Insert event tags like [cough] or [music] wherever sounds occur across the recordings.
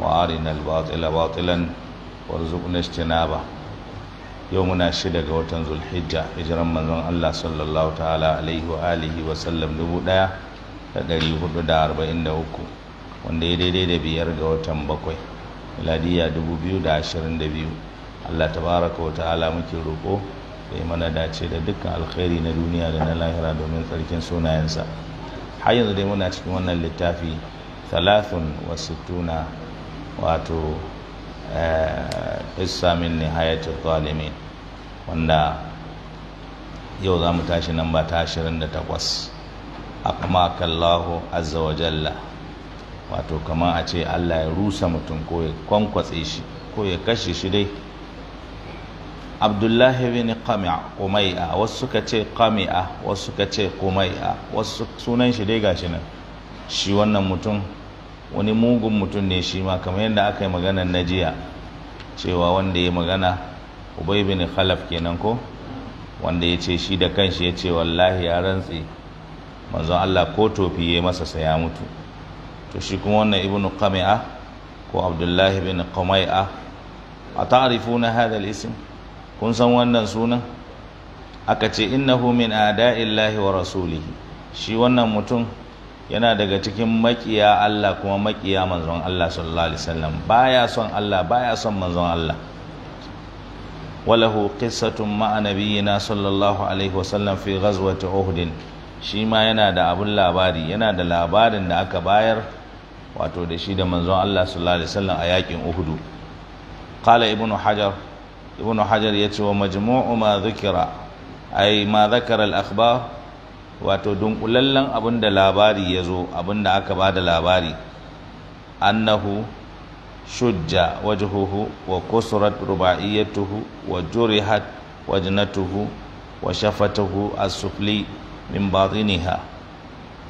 وارنا الباطل باطلا وارزقنا اجتنابه يومنا شدة وتنزل الحجة هجرا من الله صلى الله تعالى عليه وآله وسلم نبودا dari hudu da arba'in da uku wanda ya daidai da biyar ga watan bakwai miladiya dubu biyu da ashirin da biyu allah tabaraka wa ta'ala muke roƙo da ya mana dace da dukkan alkhairi na duniya da na lahira domin tsarkin sunayensa har yanzu dai muna cikin wannan littafi thalathun wa sittuna wato eh, islamin ne nihayatul zalimin wanda yau za mu tashi nan ba ta 28 akmakallahu azza wa jalla wato kamar a ce Allah ya rusa mutum ko ya kwankwatse shi ko ya kashe shi dai abdullahi bin kumai'a wasu suka ce kami'a wasu suka ce kumai'a wasu sunan shi dai gashi nan shi wannan mutum wani mugun mutum ne shi ma kamar yadda aka yi maganar na jiya cewa wanda ya magana ubay bin khalaf kenan ko wanda ya ce shi da kanshi ya ce wallahi ya rantse manzon Allah ko tofi ya masa saya mutu to shi kuma wannan ibnu qami'a ko abdullahi bin qumai'a a ta'rifuna na hadal kun san wannan sunan aka ce innahu min ada'illahi wa rasulihi shi wannan mutum yana daga cikin makiya Allah kuma makiya manzon Allah sallallahu alaihi wasallam baya son Allah baya son manzon Allah walahu qissatun ma'a nabiyina sallallahu alaihi wasallam fi ghazwati uhud shi ma yana da abun labari yana da labarin da aka bayar wato da shi da manzon Allah sallallahu alaihi wasallam a yakin uhud qala ibnu hajar ibnu hajar yace wa majmu'u ma dhukira ay ma dhakara al akhbar wato dunkulallen abin da labari ya zo abin da aka ba da labari annahu shujja wajhuhu wa kusurat ruba'iyyatuhu wa jurihat wajnatuhu wa shafatuhu as-sufli min batiniha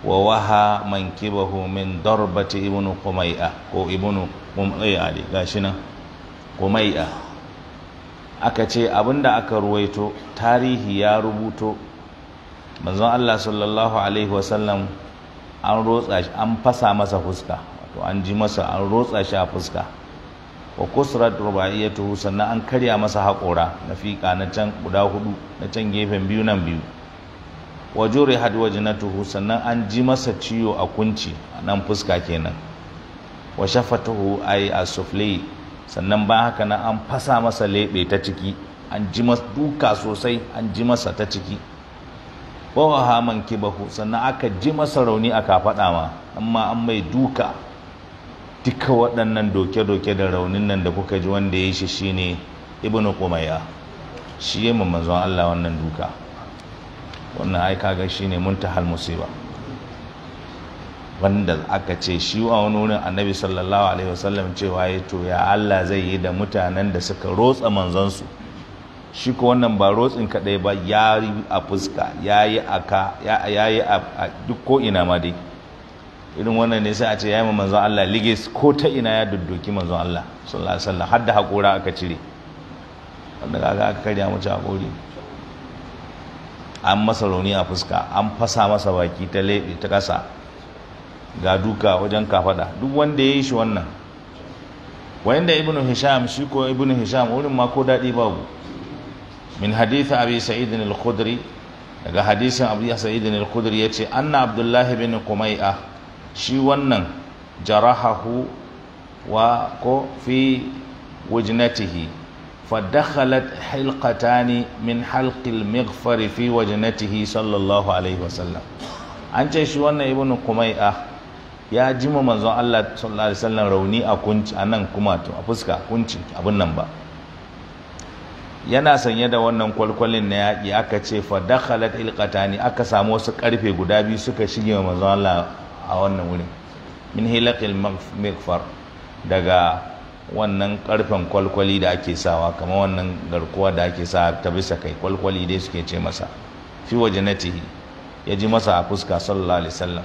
wa waha mankibahu min darbati ibnu qumai'a ko ibnu qumai'a ne gashi nan qumai'a aka ce abinda aka ruwaito tarihi ya rubuto manzon Allah sallallahu alaihi wasallam an rotsa shi an fasa masa fuska wato an ji masa an rotsa shi a fuska wa kusrat rubaiyatuhu sannan an karya masa haƙora na fiƙa na can guda hudu na can gefen biyu nan biyu wa na tuhu sannan an ji masa ciwo a kunci nan fuska kenan wa shafatuhu a asufli sannan ba haka na an fasa masa leɓe ta ciki an ji masa duka sosai an ji masa ta ciki wa haman kibahu sannan aka ji masa rauni a kafaɗa ma amma an mai duka duka waɗannan doke-doke da raunin nan da kuka ji wanda ya yi shi shine ibnu kumaya shi ya manzon Allah wannan duka wannan ai kaga shine muntahal musiba wanda aka ce shi a wani wurin annabi sallallahu alaihi wasallam cewa ya to ya Allah zai yi da mutanen da suka rotsa manzansu shi ko wannan ba rotsin kaɗai ba ya yi a fuska ya yi a ka ya yi a duk ko ina ma dai irin wannan ne sai a ce ya yi manzon Allah ligis ko ta ina ya dudduki manzon Allah sallallahu alaihi wasallam har da hakora aka cire wanda kaga aka karya mace hakori an masa rauni a fuska an fasa masa baki ta leɓe ta ƙasa ga duka wajen kafaɗa duk wanda ya yi shi wannan wanda ibnu hisham shi ko ibnu hisham wurin ma ko daɗi babu min hadith abi sa'id al-khudri daga hadisin abu sa'id al-khudri yace anna abdullah bin kumai'a shi wannan jarahahu wa ko fi wajnatihi فدخلت حلقتان من حلق المغفر في fi صلى الله عليه وسلم an ce shi wannan ibnu kumai'a ya jima manzon Allah sallallahu alaihi wasallam rauni a kunci a nan kuma to a fuska kunci abin nan ba yana sanye da wannan kwalkwalin na yaƙi aka ce fa ilqatani aka samu wasu karfe guda biyu suka shige wa manzon Allah a wannan wurin min hilaqil maghfar daga wannan karfen kwalkwali da ake sawa kamar wannan garkuwa da ake sa ta bisa kai kwalkwali dai suke ce masa fi wajnatihi ya ji masa a fuska sallallahu alaihi wasallam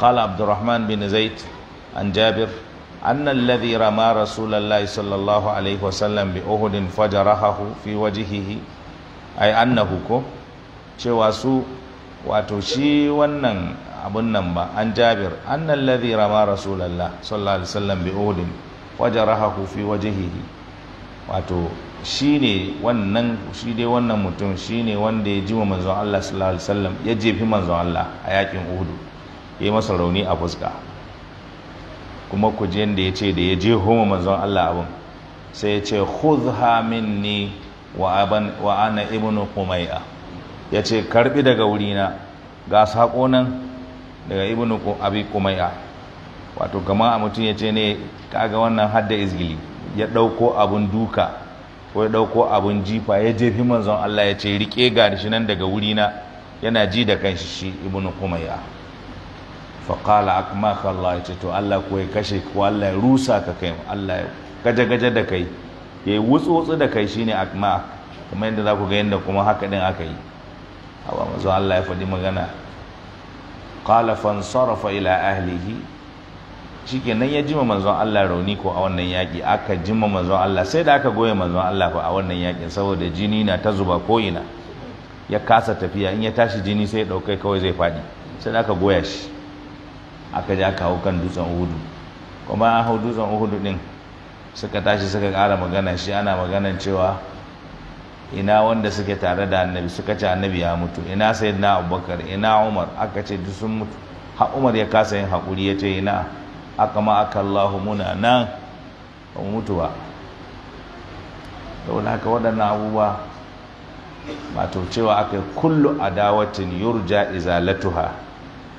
qala abdurrahman bin zaid an jabir أن الذي رمى رسول الله صلى الله عليه وسلم بأهد فجرحه في وجهه أي أنه كو cewa su wato shi wannan abun nan ba an jabir annal ladhi rama rasulullah sallallahu alaihi wasallam bi udin wajarahu fi wajhihi wato shine wannan shi dai wannan mutum shine wanda ya jima manzon Allah sallallahu alaihi wasallam ya jefi manzon Allah a yakin Uhud yayi masa rauni a fuska kuma ku je da ya ce da ya je homa manzon Allah abin sai ya ce khudha minni wa ana ibnu kumaiya? ya ce karbi daga wurina ga sako nan daga ibnu abi kumaiya. wato gama a mutum ya ce ne kaga wannan hadda izgili ya ɗauko abin duka ko ya ɗauko abin jifa ya jefi manzon Allah ya ce rike ga shi nan daga wurina yana ji da kanshi shi ibnu kumaiya. faƙala akmaka Allah ya ce to Allah ko ya kashe ko Allah ya rusa ka kai Allah ya gaje-gaje da kai ya yi wutsu-wutsu da kai shine akma kuma yadda za ku ga yadda kuma haka din aka yi hawa mazu Allah ya faɗi magana fan sarrafa ila ahlihi nan ya jima manzon Allah rauni ko a wannan yaƙi aka jima manzon Allah sai da aka goye manzon Allah fa a wannan yaƙin saboda jini na ta zuba ko ina ya kasa tafiya in ya tashi jini sai ya ɗaukai kawai zai faɗi sai da aka goya shi aka je aka hau kan dutsen uhudu kuma an hau dutsen uhudu din suka tashi suka ƙara magana shi ana maganan cewa ina wanda suke tare da annabi suka ce annabi ya mutu ina sayyidina abubakar ina umar aka ce duk mutu Ha umar ya kasa yin haƙuri ya ce ina aka ma aka allahu muna nan ba mu mutu ba wani haka waɗannan abubuwa wato cewa aka yi kullu adawatin yurja izalatuha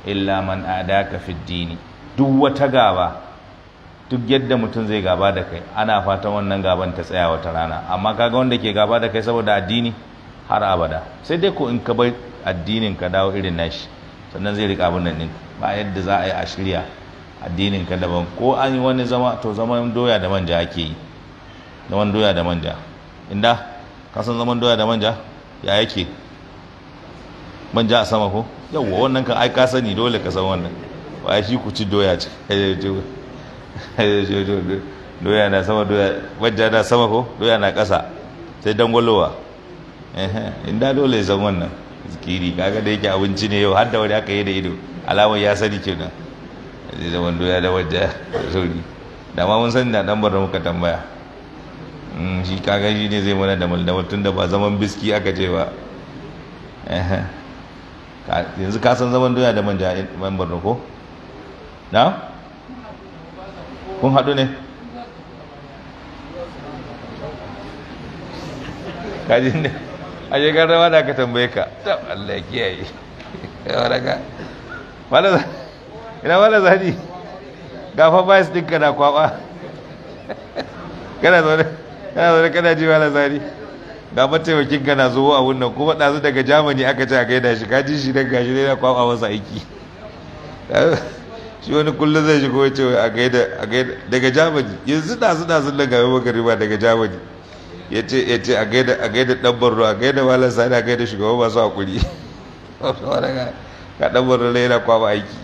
illa man adaka fid dini duk wata gaba duk yadda mutum zai gaba da kai ana fatan wannan gaban ta tsaya wata rana amma kaga wanda ke gaba da kai saboda addini har abada sai dai ko in ka bai addinin ka dawo irin nashi sannan zai rika abin nan ba yadda za a yi a shirya addinin ka daban ko an yi wani zama to zaman doya da manja ake yi zaman doya da manja inda ka san zaman doya da manja ya yake manja a sama ko yauwa wannan kan ai ka sani dole ka san wannan ba shi ku ci doya ce doya na sama doya wajja na sama ko doya na ƙasa sai dangwalowa inda dole ya san wannan zikiri kaga da yake abinci ne yau har da wani aka yi da ido alamar ya sani kenan zai zama doya da wajja sauri da ma mun sani da dan bar muka tambaya mm, shi kaga shi ne zai mana da maldamar tun da ba zaman biski aka ce ba yanzu ka san zaman doya da manja man borno ko na kun haɗu ne kaji ne a shekar rawa da ka tambaye ka tab Allah ya kiyaye waraka wala ina wala zani gafa bayas ɗinka na kwaba [laughs] kana zaune kana zaune kana ji wala zani ga mataimakin ka na zo a wannan kuma ɗazu daga jamani aka ce a gaida shi kaji shi daga gashi ne na kwama masa aiki shi wani kullum zai shigo ya ce a gaida a gaida daga jamani yanzu ɗazu ɗazu daga mai magariba daga jamani ya ce ya ce a gaida a gaida ɗan borno a gaida malam sani a gaida shugaban masu hakuri ka ɗan borno ne yana kwama aiki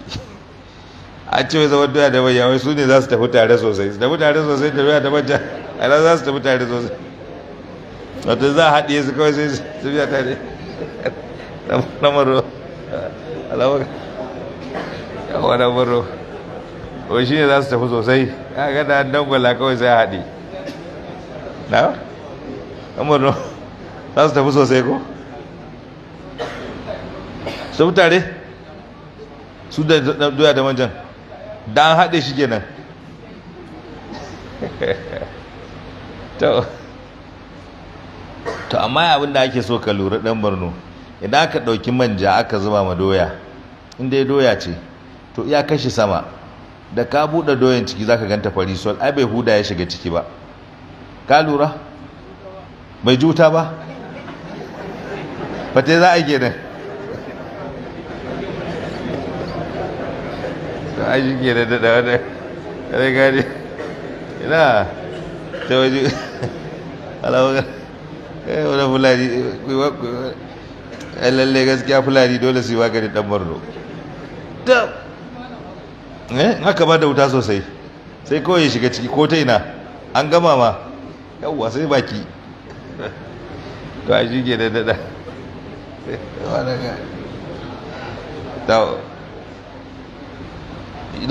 an ce mai zaman doya da manja wai su ne za su tafi tare sosai su tafi tare sosai da doya da manja a za su tafi tare sosai wato za a haɗe su kawai sai su biya tare na maro alamar yawa na maro o shi ne za su tafi sosai ya gada dangwala kawai sai a haɗe na maro za su tafi sosai ko su tare su da doya da manjan da an haɗe shi kenan [laughs] to to amma abin da ake so ka lura dan barno idan aka ɗauki manja aka zuba ma doya in dai doya ce to ya kashi sama da ka buɗe doyan ciki zaka ganta fari sol ai bai huda ya shiga ciki ba ka lura bai juta ba fate za a gina a yi gina da ina ta waje [laughs] alawar Eh, wani fulani eh, eh, lalle gaskiya fulani dole su yi waka da dan borno ta eh haka ba da wuta sosai sai kawai ya shiga ciki ko ta ina an gama ma yawwa sai baki to a shi ke da dada da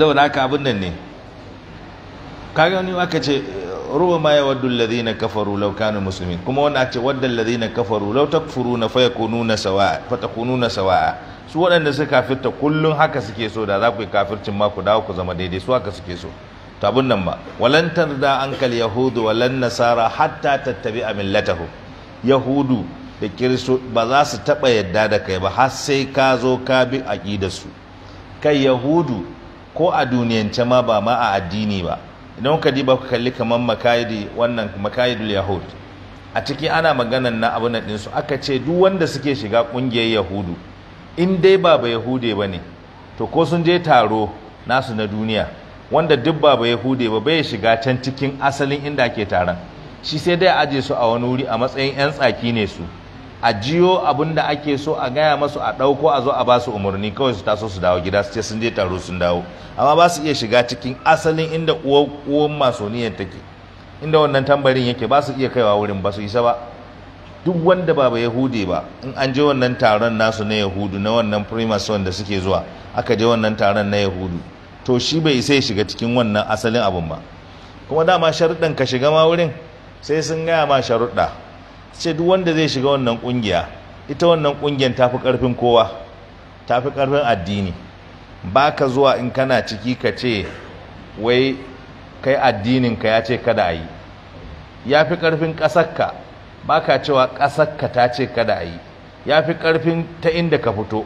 wani aka abin nan ne kaga wani aka ce rubama yawaddu alladhina kafaru law kanu muslimin kuma wannan ce wadda alladhina kafaru law takfuruna fayakununa sawa'a fatakununa sawa'a su waɗanda su kafirta kullun haka suke so da za ku yi kafircin ma ku dawo ku zama daidai su haka suke so to abun nan ba walan tarda ankal yahudu walan nasara hatta tattabi'a millatahum yahudu da kiristo ba za su taɓa yadda da kai ba har sai ka zo ka bi aƙidarsu kai yahudu ko a duniyance ma ba ma a addini ba idan ka diba ka kalli kamar makayidi wannan makayidul yahud a ciki ana maganan na abin nan su aka ce duk wanda suke shiga kungiyar yahudu in dai ba ba yahude ba ne to ko sun je taro nasu na duniya wanda duk ba ba yahude ba bai shiga can cikin asalin inda ake taron shi sai dai aje su a wani wuri a matsayin yan tsaki ne su a jiyo abin da ake so a gaya masu a ɗauko a zo a ba su umarni kawai su taso su dawo gida su ce sun je taro sun dawo amma ba su iya shiga cikin asalin inda uwan masoniyar take inda wannan tambarin yake ba su iya kaiwa wurin ba su isa ba duk wanda ba ba yahudi ba in an je wannan taron nasu na yahudu na wannan primason da suke zuwa aka je wannan taron na yahudu to shi bai isa ya shiga cikin wannan asalin abin ba kuma dama sharuɗan ka shiga ma wurin sai sun gaya ma sharuɗa ce duk wanda zai shiga wannan kungiya ita wannan kungiyar ta fi karfin kowa ta fi karfin addini ba ka zuwa in kana ciki ka ce wai kai addininka ya ce kada a yi ya fi karfin ƙasarka ba ka cewa ƙasarka ta ce kada a yi ya fi karfin ta inda ka fito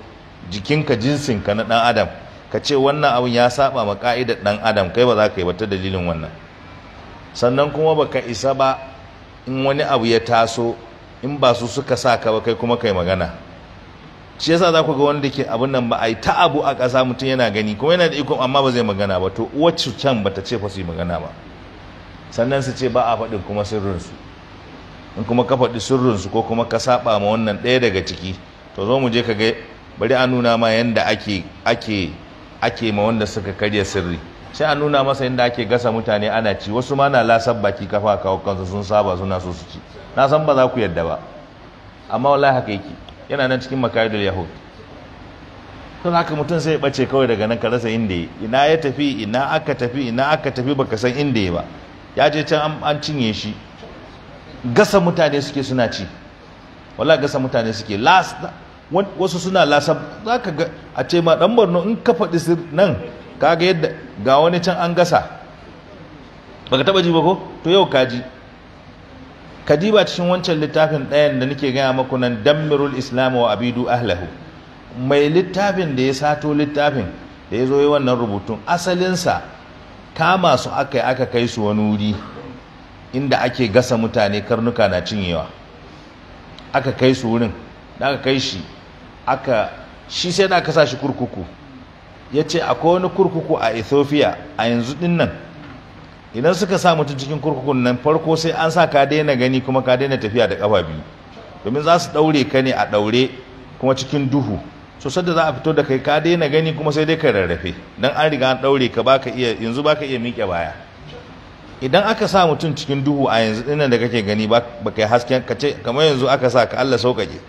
jikinka jinsinka na ɗan adam ka ce wannan abin ya saba ma ka'idar ɗan adam kai ba za ka yi ba ta dalilin wannan sannan kuma baka isa ba in wani abu ya taso in ba su suka sa ka ba kai kuma kai magana shi yasa za ku ga wanda ke abin nan ba a yi ta abu a ƙasa mutum yana gani kuma yana da iko amma ba zai magana ba to wacce can ba ta ce fa su yi magana ba sannan su ce ba a faɗin kuma sirrinsu in kuma ka faɗi sirrinsu ko kuma ka saɓa ma wannan ɗaya daga ciki to zo mu je ka ga bari a nuna ma yanda ake ake ake ma wanda suka karya sirri sai a nuna masa inda ake gasa mutane ana ci wasu ma na lasar baki kafa kawo kansu sun saba suna so su ci na san ba za ku yadda ba amma wallahi haka yake yana nan cikin makayidul yahud don haka mutum sai ya bace kawai daga nan ka rasa inda ya ina ya tafi ina aka tafi ina aka tafi baka san inda ya ba ya je can an cinye shi gasa mutane suke suna ci wallahi gasa mutane suke last wasu suna lasa za ka ga a ce ma dan Borno in ka faɗi nan kaga yadda ga wani can an gasa baka taba ji ba ko to yau kaji kadiba cikin wancan littafin ɗayan da nake gaya maku nan dammirul islam wa abidu ahlahu mai littafin da ya sato littafin da ya zo yi wannan rubutun asalinsa kama su aka yi aka kai su wani wuri inda ake gasa mutane karnuka na cinyewa aka kai su wurin da aka kai shi aka shi sai da aka sa shi kurkuku ya ce akwai wani kurkuku a ethiopia a yanzu din nan idan suka sa mutum cikin kurkukun nan farko sai an sa ka daina gani kuma ka daina tafiya da kafa biyu domin za su daure ka ne a daure kuma cikin duhu sosai da za a fito da kai ka daina gani kuma sai dai ka rarrafe dan an riga an daure ka baka iya yanzu baka iya miƙe baya idan aka sa mutum cikin duhu a yanzu dinnan da kake gani ba kai hasken ka ce kamar yanzu aka sa ka Allah sauƙaƙe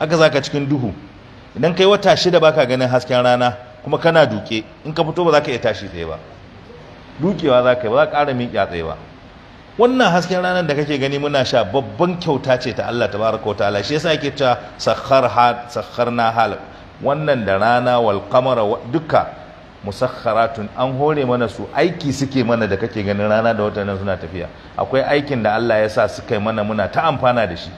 aka sa ka cikin duhu idan kai wata shida baka ganin hasken rana kuma kana duke in ka fito ba za ka iya tashi tsaye ba dukewa za ka yi ba za ka ƙara miƙa tsaye ba wannan hasken ranar da kake gani muna sha babban kyauta ce ta Allah tabaraka wa ta'ala shi yasa ake cewa sakhar na hal wannan da rana wal qamara duka musakharatun an hore mana su aiki suke mana da kake ganin rana da wata nan suna tafiya akwai aikin da Allah ya sa suka mana muna ta amfana da shi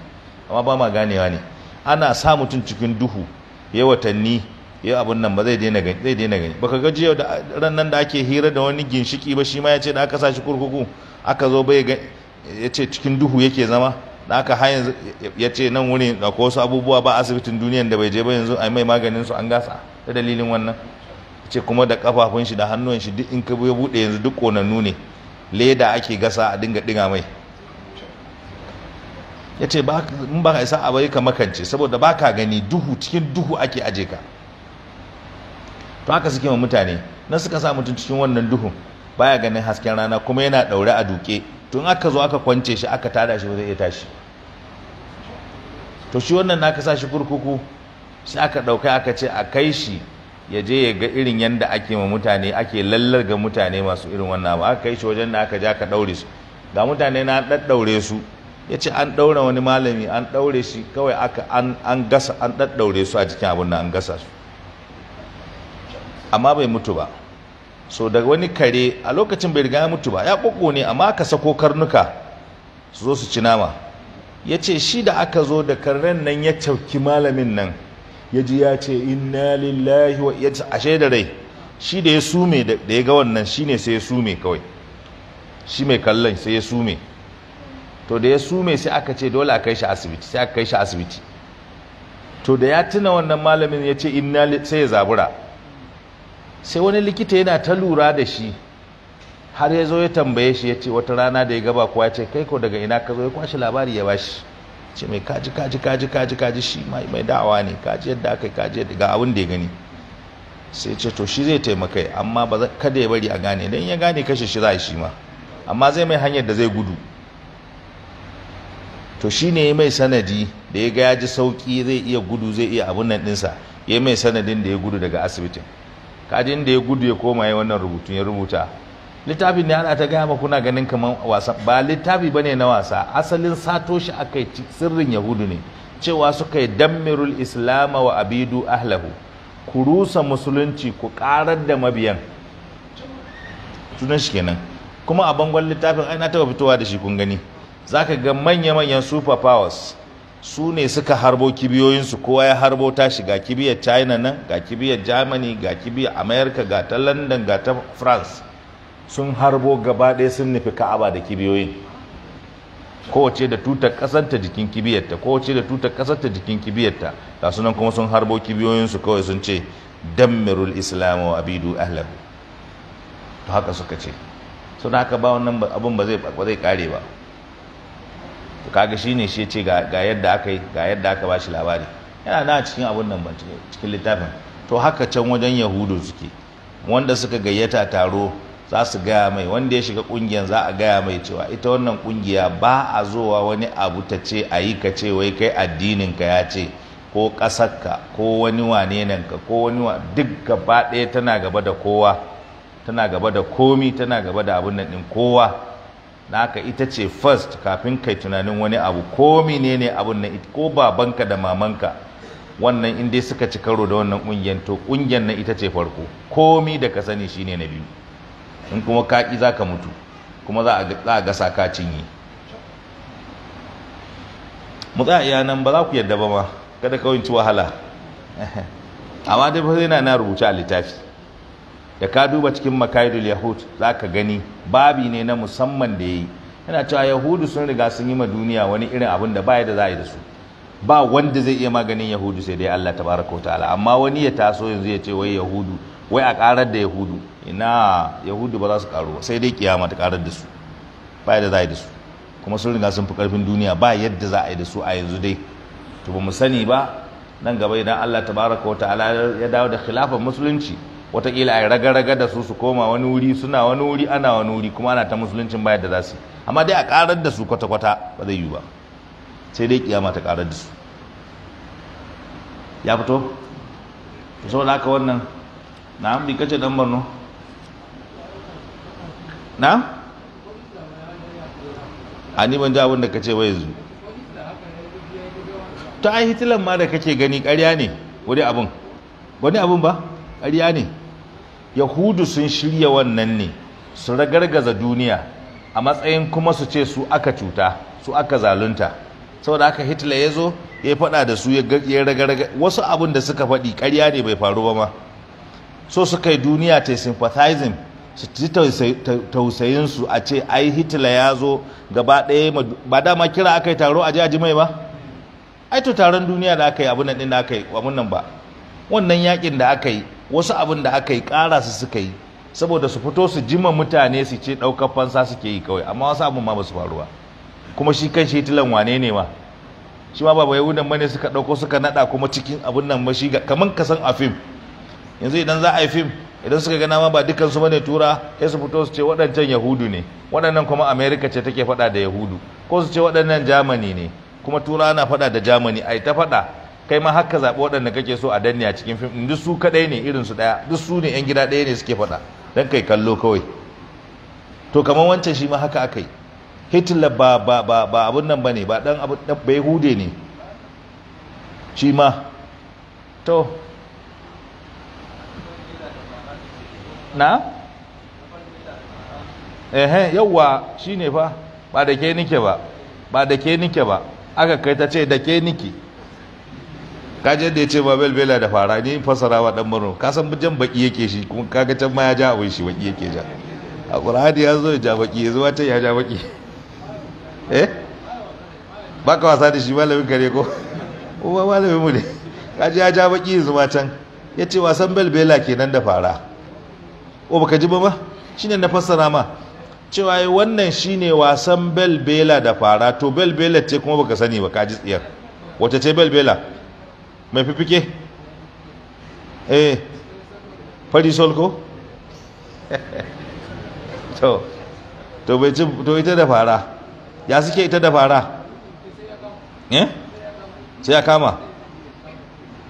amma ba ma ganewa ne ana sa mutum cikin duhu ya watanni ya abun nan ba zai daina gani zai daina gani baka ga jiya da ran nan da ake hira da wani ginshiki ba shi ma ya ce da aka sashi kurkuku aka zo bai ga ya ce cikin duhu yake zama da aka ha ya ce nan wuri da ko wasu abubuwa ba asibitin duniyan da bai je ba yanzu a mai maganin su an gasa da dalilin wannan ce kuma da kafafun shi da hannun shi duk in ka ya bude yanzu duk konannu ne leda ake gasa a dinga dinga mai ya ce ba ka isa a bai ka makance saboda ba ka gani duhu cikin duhu ake aje ka to haka suke wa mutane na suka sa mutum cikin wannan duhu baya ganin hasken rana kuma yana daure a duke tun aka zo aka kwance shi aka tada shi ba zai iya tashi to shi wannan naka sa shi kurkuku sai aka dauka aka ce a kai shi ya je ya ga irin yanda ake ma mutane ake lallar ga mutane masu irin wannan ba aka kai shi wajen da aka ja ka daure su ga mutane na daddaure su ya ce an daura wani malami an daure shi kawai aka an gasa an daddaure su a cikin abin nan an gasa su amma bai mutu ba so daga wani kare a lokacin bai riga ya mutu ba ya ƙoƙo ne amma aka sako karnuka su zo su ci nama ya ce shi da aka zo da karen nan ya cauki malamin nan ya ji ya ce inna lillahi wa ya ashe da rai shi da ya sume da ya ga wannan shi ne sai ya sume kawai shi mai kallon sai ya sume to da ya sume sai aka ce dole a kai shi asibiti sai aka kai shi asibiti to da ya tuna wannan malamin ya ce inna sai ya zabura sai wani likita yana ta lura da shi har ya zo ya tambaye shi ya ce wata rana da ya gaba kuwa ce kai ko daga ina ka zo ya kwashi labari ya bashi ce mai kaji kaji kaji kaji kaji shi mai da'awa ne kaji yadda aka kaji yadda ga abin da ya gani sai ce to shi zai taimaka amma ba kada ya bari a gane dan ya gane kashe shi za a shi ma amma zai mai hanyar da zai gudu to shi ne mai sanadi da ya ga ji sauki zai iya gudu zai iya abun nan dinsa ya mai sanadin da ya gudu daga asibitin kajin da ya gudu ya koma ya wannan rubutu ya rubuta littafin ne ana ta gaya kuna ganin kamar wasa ba littafi bane na wasa asalin sato shi aka yi sirrin yahudu ne cewa suka yi dammirul islama wa abidu ahlahu ku rusa musulunci ku karar da mabiyan tunan shi kenan kuma a bangon littafin ana ta taba fitowa da shi kun gani zaka ga manya-manyan super powers su ne suka harbo kibiyoyinsu kowa ya harbo ta shiga kibiyar china nan ga kibiyar germany ga kibiyar america ga ta london ga ta france sun harbo gaba ɗaya sun nufi ka'aba da kibiyoyin kowace da tutar ƙasarta jikin kibiyarta kowace da tutar ƙasarta jikin kibiyarta ga sunan kuma sun harbo kibiyoyinsu kawai sun ce dammirul islamu wa abidu ahlahu to haka suka ce suna haka ba wannan abin ba zai kare ba kaga shine shi ce ga yadda aka yi ga yadda aka bashi labari yana na cikin abun nan ban cikin littafin to haka can wajen yahudu suke wanda suka gayyata taro za su gaya mai wanda ya shiga kungiyar za a gaya mai cewa ita wannan kungiya ba a zowa wani abu ta ce a yi ka ce wai kai addinin ka ya ce ko ƙasarka ko wani wane nan ka ko wani wa duk gaba ɗaya tana gaba da kowa tana gaba da komi tana gaba da abin nan ɗin kowa Na haka ita ce first kafin kai tunanin wani abu ko menene abun na ko babanka da mamanka wannan in dai suka ci karo da wannan ƙungiyar to ƙungiyar nan ita ce farko komi da ka sani shine na biyu in kuma kaƙi za ka mutu kuma za a gasa ka cinye mu tsaya nan ba za ku yadda ba ma kada kawai ci wahala [laughs] amma dai fa sai na rubuce a littafi da ka duba cikin makaidul yahud za ka gani babi ne na musamman da ya yi yana cewa yahudu sun riga sun yi ma duniya wani irin abin da baya da za a yi da su ba wanda zai iya maganin yahudu sai dai Allah tabaraka ta'ala amma wani ya taso yanzu ya ce wai yahudu wai a karar da yahudu ina yahudu ba za su karu sai dai kiyama ta karar da su baya da za a yi da su kuma sun riga sun fi karfin duniya ba yadda za a yi da su a yanzu dai to ba mu sani ba nan gaba idan Allah tabaraka ta'ala ya dawo da khilafar musulunci Wataƙila a raga-raga da su su koma wani wuri suna wani wuri ana wani wuri kuma ana ta musuluncin bayar da za su amma dai a ƙarar da su kwata-kwata ba zai yi ba sai dai kiyama ta ƙarar da su ya fito saboda haka wannan na bi kace dan barno na a ni ban ji abin da kace ba yanzu ta ai hitilan ma da kake gani karya ne wani abin wani abun ba ƙarya ne yahudu sun shirya wannan ne su ragargaza duniya a matsayin kuma su ce su aka cuta su aka zalunta saboda haka hitler ya zo ya faɗa da su ya ragargaza wasu abin da suka faɗi ƙarya ne bai faru ba ma so suka yi duniya ta sympathizing su ci tausayinsu a ce ai hitler ya zo gaba ɗaya ba dama kira aka yi taro a ji a ji mai ba ai to taron duniya da aka yi abin nan ɗin da aka yi abin nan ba wannan yakin da aka yi wasu abin da aka yi ƙara su suka yi saboda su fito su jima mutane su ce ɗaukar fansa suke yi kawai amma wasu abin ma ba su faru ba kuma shi kan shi tilan wane ne ma shi ma baba yahudan bane suka ɗauko suka naɗa kuma cikin abin nan mashi kamar ka san a fim yanzu idan za a yi fim idan suka gana ma ba dukansu ne tura sai su fito su ce waɗancan yahudu ne waɗannan kuma Amerika ce take faɗa da yahudu ko su ce waɗannan Jamani ne kuma tura na faɗa da jamani ai ta faɗa kai ma haka zaɓi waɗanda kake so a danne a cikin fim duk su kaɗai ne irin su ɗaya duk su ne 'yan gida ɗaya ne suke faɗa don kai kallo kawai to kamar wancan shi ma haka aka yi hitler ba ba ba ba abun nan bane ba dan abu dan bai hude ne shi ma to na ehe yawwa shine fa ba da ke nike ba ba da ke nike ba aka kai ta ce da ke nike kaje da ya ce ma bela da fara fasara wa dan murno ka san jan baki yake shi kuma kaga can ma ya ja abin shi baki yake ja a qur'ani ya zo ya ja baki ya zuwa ta ya ja baki [laughs] eh baka wasa da shi malamin kare ko uwa malamin mu ne kaje ya ja baki ya zuwa can ya ce wasan belbela kenan da fara ba baka ji ba ma shine na fassara ma cewa yi wannan shine wasan belbela da fara to belbela ce kuma baka sani ba ka ji tsiyar wace ce belbela mai fifike eh farisol ko [laughs] to to bai ci to ita da fara ya suke ita da fara eh sai ya kama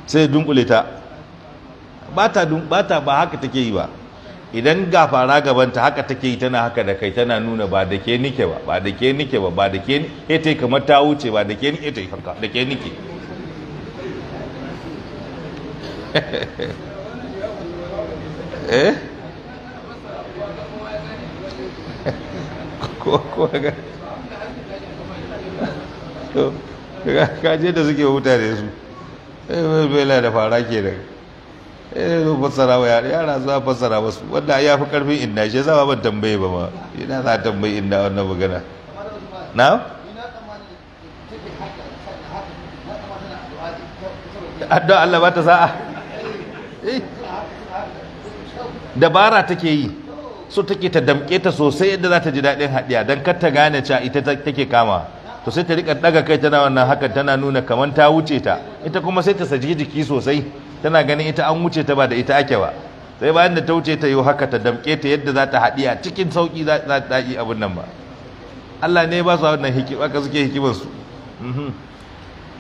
sai dunkule ta ba ta ba haka take yi ba idan ga fara gabanta haka take yi tana haka da kai tana nuna ba da ke nike ba ba da ke nike ba ba da ke ni ita kamar ta wuce ba da ke ni ita haka da ke nike [laughs] eh kaje [laughs] da suke huta da su bela eh, da fara ke da eh zo fassara wa yara yara za fassara wasu wanda ya fi karfin inda shi za ban tambaye ba ma ina za tambaye inda wannan magana na addu'a Allah ba ta sa'a dabara take yi so take ta damke ta sosai yadda za ta ji daɗin haɗiya don kar ta gane cewa ita take kama to sai ta rika ɗaga kai tana wannan hakan tana nuna kamar ta wuce ta ita kuma sai ta saji jiki sosai tana ganin ita an wuce ta ba da ita ake ba sai bayan da ta wuce ta yi haka ta damke ta yadda za ta haɗiya cikin sauƙi za ta yi abin nan ba Allah ne ba su wannan hikima mhm. ka suke hikimansu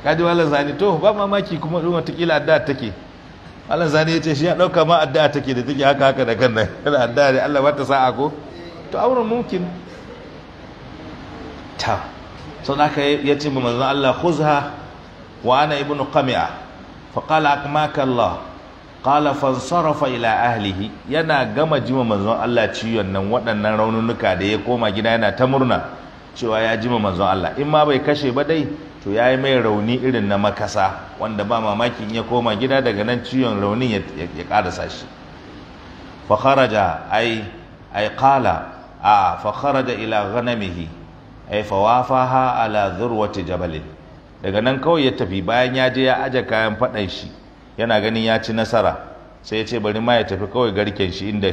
kaji wala zani to ba mamaki kuma ta watakila da take Allah zane ya ce shi ya ɗauka ma addu'a take da take haka haka da kan nan [laughs] addu'a ne Allah ba sa'a ko to auren mumkin ta sau da aka ya ce manzon Allah khuzha wa ana ibn qami'a fa qala akmaka Allah qala fansarafa ila ahlihi yana gama jima manzon Allah ciwon nan waɗannan raununuka da ya koma gida yana ta murna cewa ya jima manzon Allah in ma bai kashe ba dai to ya yi mai rauni irin na makasa wanda ba mamakin ya koma gida daga nan ciwon raunin ya ƙarasa shi fakharaja ai ai kala a fakharaja ila ghanamihi ai fawafaha ala dhurwati jabalin daga nan kawai ya tafi bayan ya je ya aje kayan fadan shi yana ganin ya ci nasara sai ya ce bari ma ya tafi kawai garken shi inda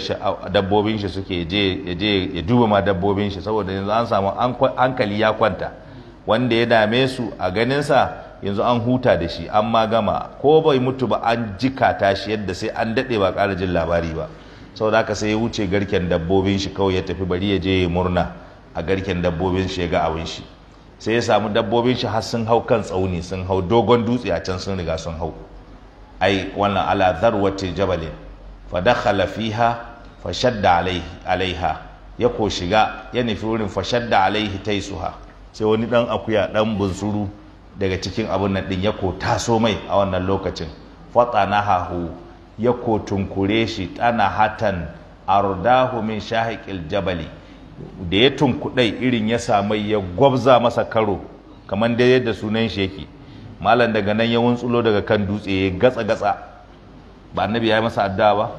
dabbobin shi suke je ya duba ma dabbobin shi saboda yanzu an samu hankali ya kwanta wanda ya dame su a ganinsa yanzu an huta da shi an magama gama ko bai mutu ba an jikata shi yadda sai an daɗe ba ƙara jin labari ba saboda haka sai ya wuce garken dabbobin shi kawai ya tafi bari ya je ya murna a garken dabbobin shi ya ga abin shi sai ya samu dabbobin shi har sun hau kan tsauni sun hau dogon dutse a can sun riga sun hau ai wannan ala zarwati jabalin fa dakhala fiha fa shadda alaiha ya ko shiga ya nufi wurin fa shadda alaihi taisuha sai wani ɗan akuya dan bunsuru daga cikin abun nan din ya ko taso mai a wannan lokacin na hahu ya ko tunkure shi tana hatan ardahu min shahiqil jabali da ya tunkudai irin ya samu ya gwabza masa karo kamar da yadda sunan shi yake malam daga nan ya wuntsulo daga kan dutse ya gatsa gatsa ba annabi ya yi masa addu'a ba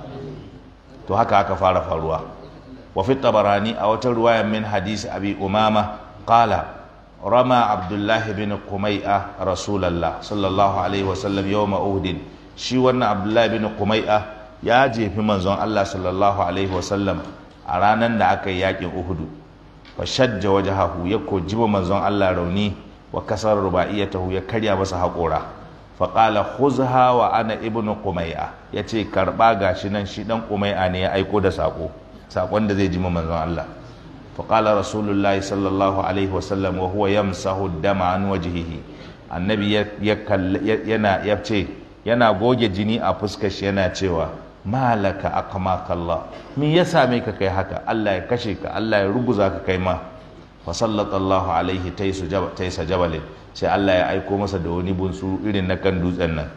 to haka haka fara faruwa wa fi tabarani a wata ruwayan min hadisi abi umama qala rama abdullahi bin kumai'a rasulallah sallallahu alaihi wasallam shi wannan abdullahi bin kumai'a ya jefi manzon allah sallallahu alaihi wasallam a ranar da aka yi yakin uhudu fa shajja wajahahu ya kojiba manzon allah rauni wa kasar ruba'iyatahu ya karya masa haƙora fa qala khuzha wa ana ibnu kumai'a yace karba gashi nan shi dan kumai'a ne ya aiko da sako sakon da zai ji manzon allah فقال رسول الله صلى الله عليه وسلم وهو يمسح الدم عن وجهه النبي yana yace yana goge jini a fuskar shi yana cewa malaka akmaka Allah me yasa me ka kai haka Allah ya kashe ka Allah ya ruguza ka kai ma fa sallallahu alaihi taisu taisa jabal sai Allah ya aiko masa da wani bunsu irin na kan dutsen nan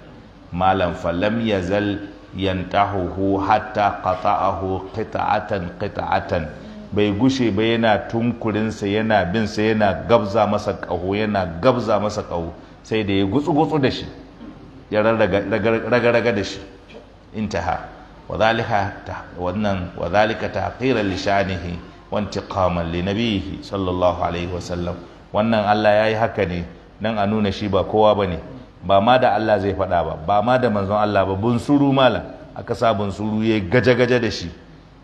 malam falam yazal yantahu hatta qata'ahu qita'atan qita'atan bai gushe ba yana tunkurinsa yana binsa yana gabza masa ƙaho yana gabza masa ƙaho sai da ya gutsu-gutsu da shi ya raga-raga da shi intaha wannan wadhalika ta haƙira lishanihi wanti intiqaman li nabiyhi sallallahu alaihi wasallam wannan Allah ya yi haka ne nan a nuna shi ba kowa ba ne, ba ma da Allah zai faɗa ba ba ma da manzon Allah ba bunsuru mala aka sa bunsuru ya gaje-gaje da shi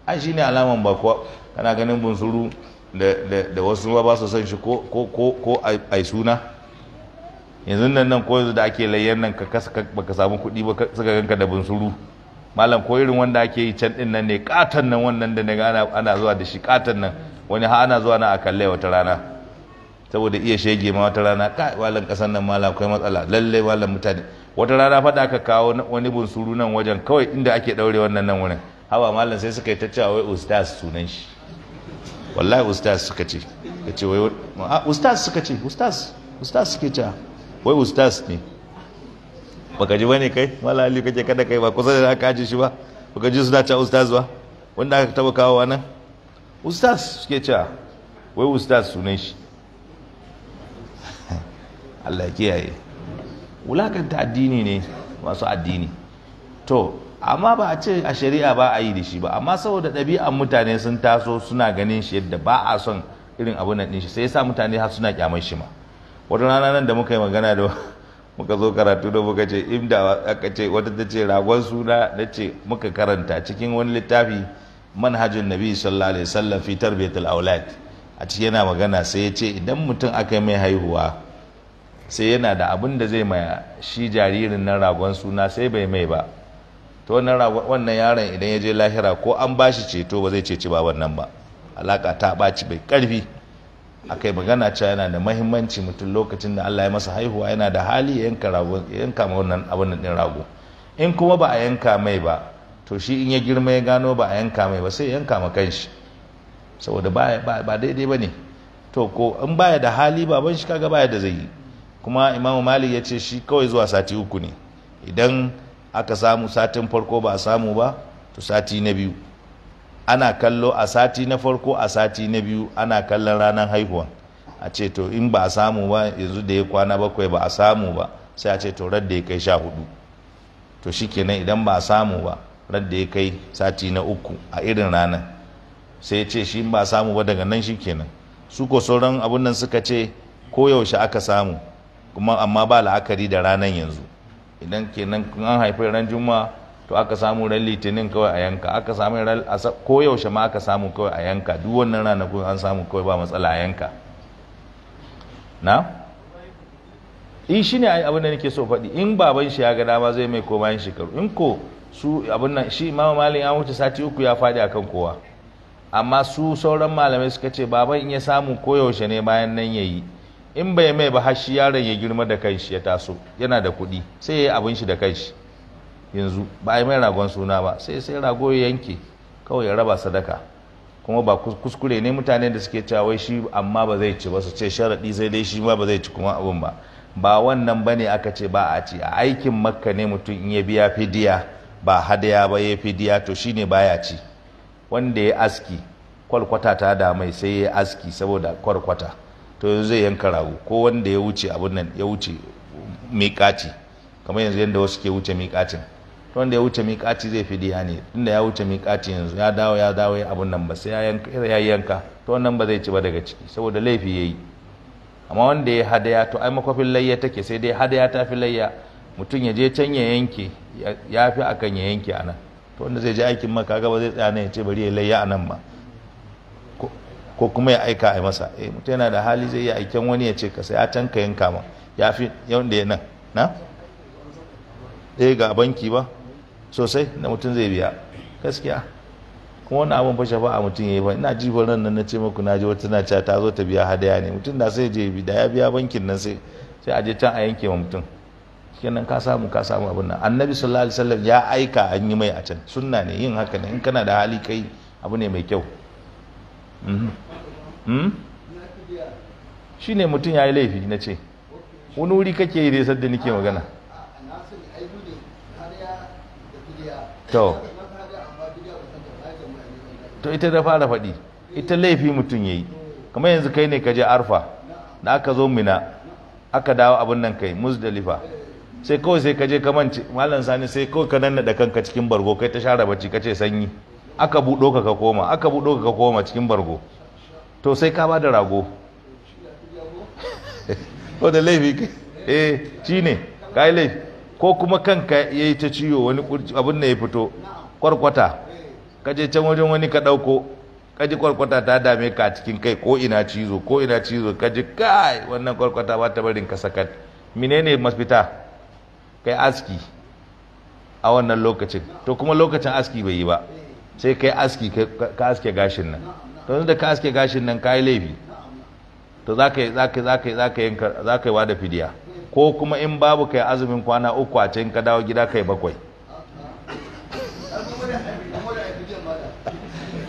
an ne alaman ba kowa kana ganin bunsuru da wasu ba su son shi ko a yi suna yanzu nan nan ko yanzu da ake layyar nan ka baka samu kuɗi ba suka ganka da bunsuru malam ko irin wanda ake yi can din nan ne katon nan wannan da naga ana zuwa da shi katon nan wani ha ana zuwa na a kalle wata rana saboda iya shege ma wata rana kai malam kasan nan malam akwai matsala lalle malam mutane wata rana fa da aka kawo wani bunsuru nan wajen kawai inda ake daure wannan nan wurin hawa malam sai suka yi ta cewa wai ustaz sunan shi wallahi ustaz suka ce ya ce wai ah, ustaz suka ce ustaz ustaz suke ce wai ustaz ne baka ji bane kai wala ali kake kada kai ba kusa da aka aje shi ba baka ji su dace ustaz ba wanda aka taba kawo nan ustaz suke ce wai ustaz sunan shi [laughs] Allah ya kiyaye wulakanta addini ne masu addini to amma ba a ce a shari'a ba a yi da shi ba amma saboda ɗabi'an mutane sun taso suna ganin shi yadda ba a son irin abin nan shi sai sa mutane har suna kyamar shi ma wata rana nan da muka yi magana da [laughs] muka zo karatu da muka ce inda aka ce wata ta ce ragon suna na ce muka karanta cikin wani littafi manhajin nabi sallallahu alaihi wasallam fi tarbiyatul aulad a ciki yana magana sai ya ce idan mutum aka yi mai haihuwa sai yana da abin da zai mai shi jaririn nan ragon suna sai bai mai ba to wannan yaron idan ya je lahira ko an ba shi ceto ba zai ceci ba wannan ba alaka ta ɓaci bai ƙarfi akai magana cewa yana da mahimmanci mutum lokacin da Allah ya masa haihuwa yana da hali ya yanka rago yanka ma wannan abin din rago in kuma ba a yanka mai ba to shi in ya girma ya gano ba a yanka mai ba sai ya yanka ma kanshi saboda ba daidai ba ne to ko in baya da hali baban shi kaga baya da zai yi kuma imamu malik ya ce shi kawai zuwa sati uku ne idan aka samu satin farko ba a samu ba to sati na biyu ana kallo a sati na farko a sati na biyu ana kallon ranar haihuwa a ce to in ba a samu ba yanzu da ya kwana bakwai ba a samu ba sai a ce to radda ya kai sha hudu to shikenan idan ba a samu ba radda ya kai sati na uku a irin ranar sai ya ce shi ba a samu ba daga nan shikenan su ko sauran abun nan suka ce koyaushe aka samu kuma amma ba la'akari da ranar yanzu idan kenan kun an haifi ran Juma to aka samu ran litinin kawai a yanka aka samu ran ko yaushe ma aka samu kawai a yanka duk wannan ranakun an samu kawai ba matsala a yanka na in shi ne abin da nake so faɗi in baban shi ya ga dama zai mai ko bayan shekaru in ko su abin nan shi imamu malin ya wuce sati uku ya faɗi akan kowa amma su sauran malamai suka ce baban in ya samu koyaushe ne bayan nan ya yi in bai mai ba har shi yaron ya girma da kai shi ya taso yana da kuɗi sai ya yi abin shi da kai shi yanzu ba a mai ragon suna ba sai sai rago ya yanke kawai ya raba sadaka kuma ba kuskure ne mutane da suke cewa wai shi amma ba zai ci ba su ce sharaɗi sai dai shi ma ba zai ci kuma abin ba ba wannan ba ne aka ce ba a ci a aikin makka ne mutum in ya biya fidiya ba hadaya ba ya fidiya to shine baya ci wanda ya aski kwalkwata ta da mai sai ya aski saboda kwalkwata. to yanzu zai yanka rago ko wanda ya wuce abin nan ya wuce miƙaci kamar yanzu yadda wasu ke wuce miƙacin to wanda ya wuce miƙaci zai fi diya ne tunda ya wuce miƙaci yanzu ya dawo ya dawo ya abin nan ba sai ya yanka to wannan ba zai ci ba daga ciki saboda laifi ya yi amma wanda ya hadaya to ai makwafin layya take sai dai hadaya ta fi layya mutum ya je can ya yanke ya fi akan ya yanke anan to wanda zai je aikin maka gaba zai tsaya ne ya ce bari ya layya nan ma ko kuma ya aika a masa eh mutum yana da hali zai iya aiken wani ya ce ka sai a tanka yanka ma ya fi yawan da ya nan na eh ga banki ba sosai na mutum zai biya gaskiya kuma wani abin fashe ba a mutum ya yi ba ina ji nan nan na ce muku na ji wata na ce ta zo ta biya hadaya ne mutum da sai je da ya biya bankin nan sai sai a je can a yanke wa mutum kenan ka samu ka samu abin nan annabi sallallahu alaihi wasallam ya aika an yi mai a can sunna ne yin haka ne in kana da hali kai abu ne mai kyau mhm. Hmm? shi ne mutum ya yi laifi na ce wani wuri kake yi dai da nike magana to ita da fara faɗi ita laifi mutum ya yi kamar yanzu kai ne ka je arfa da aka zo mina aka dawo abin nan kai musdalifa sai kawai sai ka je ka malam sani sai kawai ka nannaɗa kanka cikin bargo kai ta share bacci ka ce sanyi aka buɗo ka koma aka buɗo ka ka koma cikin bargo to sai ka ba da rago ko da laifi ke eh, ci ne ka yi laifi ko kuma kanka ya yi ta ciwo wani abin da ya fito kwarkwata ka je can wajen wani ka dauko kaji kwarkwata ta dame ka cikin kai ko ina cizo ko ina cizo ka kai wannan kwarkwata ba ta barin ka sakat menene mafita kai aski a wannan lokacin to kuma lokacin aski bai yi ba sai kai aski ka aske gashin nan to da ka aske gashin nan ka yi laifi to za ka yi za ka za ka za ka za ka yi wa da fidiya ko kuma in babu kai azumin kwana uku a can ka dawo gida kai bakwai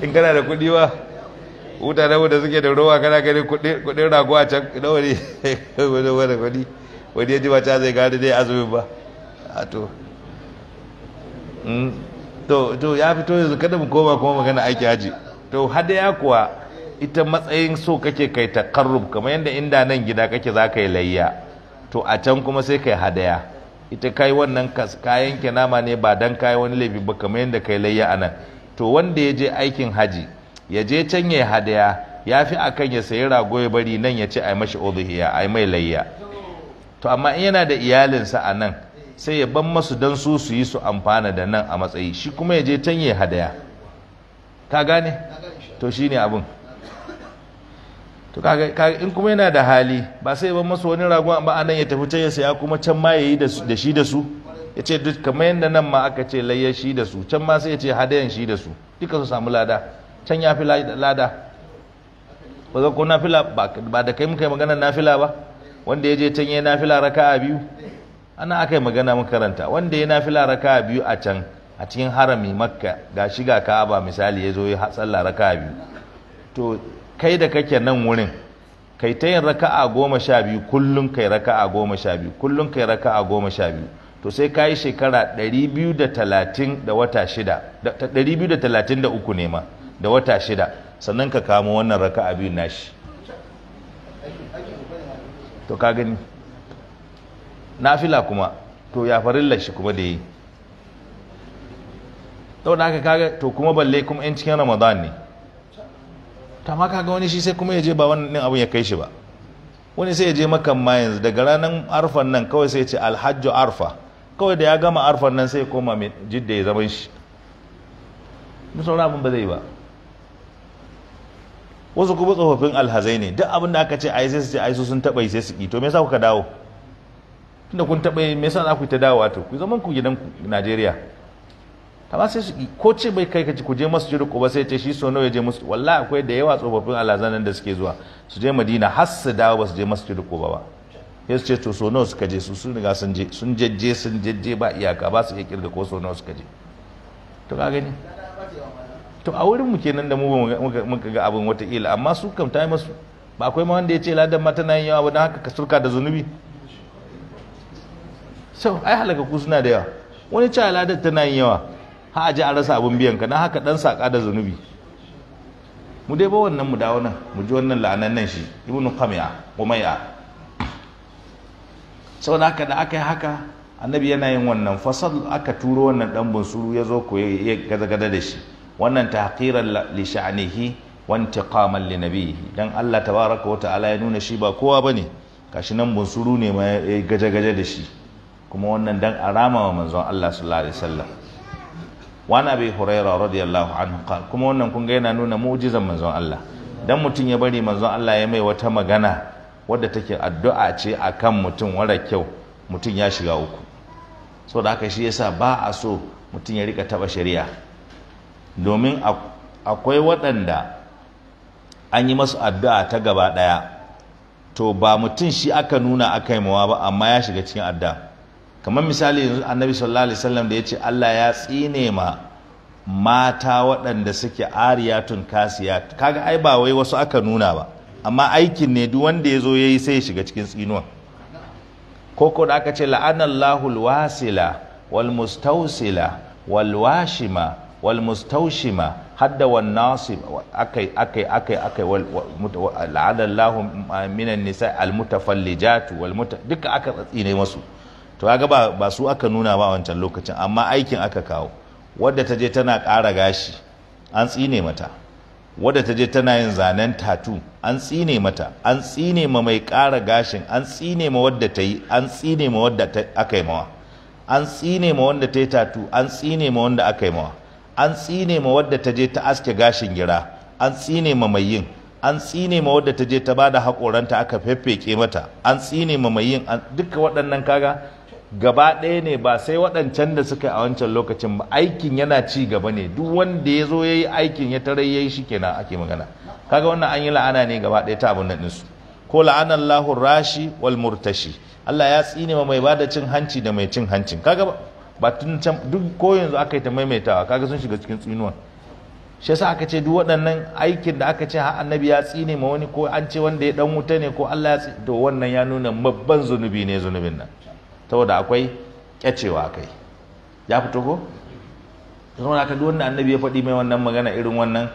in kana da kuɗi ba mutane da suke da ruwa kana gani kuɗin rago a can nawa [laughs] wani wani wani wani wani ya ji ba zai gani dai azumin ba a hmm. to to ya fito yanzu kada mu koma kuma magana aiki haji to hadaya kuwa ita matsayin so kake kai takarrub kamar yadda inda nan gida kake za ka yi layya to a can kuma sai kai hadaya ita kai wannan kayan ke nama ne ba dan kai wani laifi ba kamar yadda kai layya a nan to wanda ya je aikin haji ya je can ya hadaya ya fi akan ya sayi rago ya bari nan ya ce a mashi udhiya a mai layya to amma in yana da iyalinsa a nan sai ya ban masu dan su su yi su amfana da nan a matsayi shi kuma ya je can ya hadaya ka gane to shi ne abin to kaga in kuma yana da hali ba sai ban masa wani ragon ba anan ya tafi can ya saya kuma can ma yayi da shi da su ya ce duk kamar yadda nan ma aka ce layya shi da su can ma sai ya ce hadayan shi da su duka su samu lada can ya fi lada ba za ko nafila ba da kai muka yi magana nafila ba wanda ya je can ya nafila raka'a biyu ana aka yi magana makaranta wanda ya nafila raka'a biyu a can a cikin harami makka ga shiga ka'aba misali ya zo ya tsalla raka biyu to kai da kake nan wurin kai ta yin raka'a goma sha biyu kullum kai raka'a goma sha biyu kullum kai raka'a goma sha biyu to sai ka yi shekara ɗari biyu da talatin da wata shida ɗari biyu da talatin da uku ne ma da wata shida sannan ka kamo wannan raka'a biyu nashi to ka gani nafila kuma to ya farilla shi kuma da yi da haka kaga to kuma balle kuma yan cikin ramadan ne ta ma kaga wani shi sai kuma ya je ba wannan abin ya kai shi ba wani sai ya je makan ma yanzu daga ranar arfan nan kawai sai ya ce alhajju arfa kawai da ya gama arfan nan sai ya koma mai jidda ya zaman shi duk sauran abin ba zai ba wasu kuma tsofaffin alhazai ne duk abin da aka ce ai sai su ce ai su sun taɓa sai su ki to me yasa kuka dawo tunda kun taɓa me yasa za ku ta dawowa to ku zaman ku gidan Najeriya amma sai su ko ce bai kai ka ku je masjidu quba sai ce shi so nawa je musu wallahi akwai da yawa tsofaffin alazanan da suke zuwa su je madina har su dawo ba su je masjidu quba ba sai su ce to so nawa suka je su sun riga sun je sun jejje sun jejje ba iyaka ba su iya kirga ko so nawa suka je to ka gani to a wurin mu kenan da mu muka ga abin wata ila amma su kam ta yi masu ba akwai ma wanda ya ce ladan mata na yin yawa don haka ka surka da zunubi so ai halaka ku suna da yawa wani ce ladan tana yin yawa ha ji a rasa abin biyan ka na haka dan saka da zunubi mu dai ba wannan mu dawo nan mu ji wannan la'anan nan shi ibnu qamiya umayya da haka da aka yi haka annabi yana yin wannan fasal aka turo wannan dan bunsuru ya zo ko ya gada da shi wannan tahqiran li sha'nihi wa intiqaman li nabihi dan Allah tabaraka wa ta'ala ya nuna shi ba kowa bane gashi nan bunsuru ne ma ya gaje-gaje da shi kuma wannan dan arama wa manzon Allah sallallahu alaihi wasallam wani bai huraira radiyallahu anhu qala kuma wannan kun ga yana nuna mu'jizan manzon Allah dan mutum ya bari manzon Allah ya mai wata magana wadda take addu'a ce akan mutum wara kyau mutum ya shiga uku so da haka shi yasa ba a so mutum ya rika taba shari'a domin akwai waɗanda an yi masu addu'a ta gaba ɗaya to ba mutum shi aka nuna aka yi mawa ba amma ya shiga cikin addu'a kamar misali yanzu annabi sallallahu alaihi wasallam da ya ce Allah ya tsine ma mata waɗanda suke ariyatun kasiya kaga ai ba wai wasu aka nuna ba amma aikin ne duk wanda ya zo ya yi sai ya shiga cikin tsinuwan Ko da aka ce la'anallahu alwasila wal mustausila wal washima wal mustaushima hadda wan nasib akai akai akai akai wal la'anallahu ah, minan nisa al mutafallijat duka aka tsine masu to ga ba su aka nuna ba wancan lokacin amma aikin aka kawo wadda ta je tana ƙara gashi an tsine mata wadda ta je tana yin zanen tatu an tsine mata an tsine ma mai ƙara gashin an tsine ma wadda ta yi an tsine ma wadda aka yi mawa an tsine ma wanda ta yi tatu an tsine ma wanda aka yi mawa an tsine ma wadda ta je ta aske gashin gira an tsine ma mai yin an tsine ma wadda ta je ta ba da haƙoranta aka feffeke mata an tsine ma mai yin duka waɗannan kaga gaba ɗaya ne ba sai waɗancan da suka yi a wancan lokacin ba aikin yana ci gaba ne duk wanda ya zo ya yi aikin ya tarai ya yi shi kenan ake magana kaga wannan an yi la'ana ne gaba ɗaya ta abin nan su? ko la'anan lahun rashi wal murtashi Allah ya tsine ma mai ba da cin hanci da mai cin hancin kaga ba tun can duk ko yanzu aka yi ta maimaitawa kaga sun shiga cikin tsinuwa? shi yasa aka ce duk waɗannan aikin da aka ce har annabi ya tsine ma wani ko an ce wanda ya dan wuta ne ko Allah ya tsine to wannan ya nuna babban zunubi ne zunubin nan saboda akwai kyacewa kai ya fito ko saboda haka duk wanda annabi ya faɗi mai wannan magana irin wannan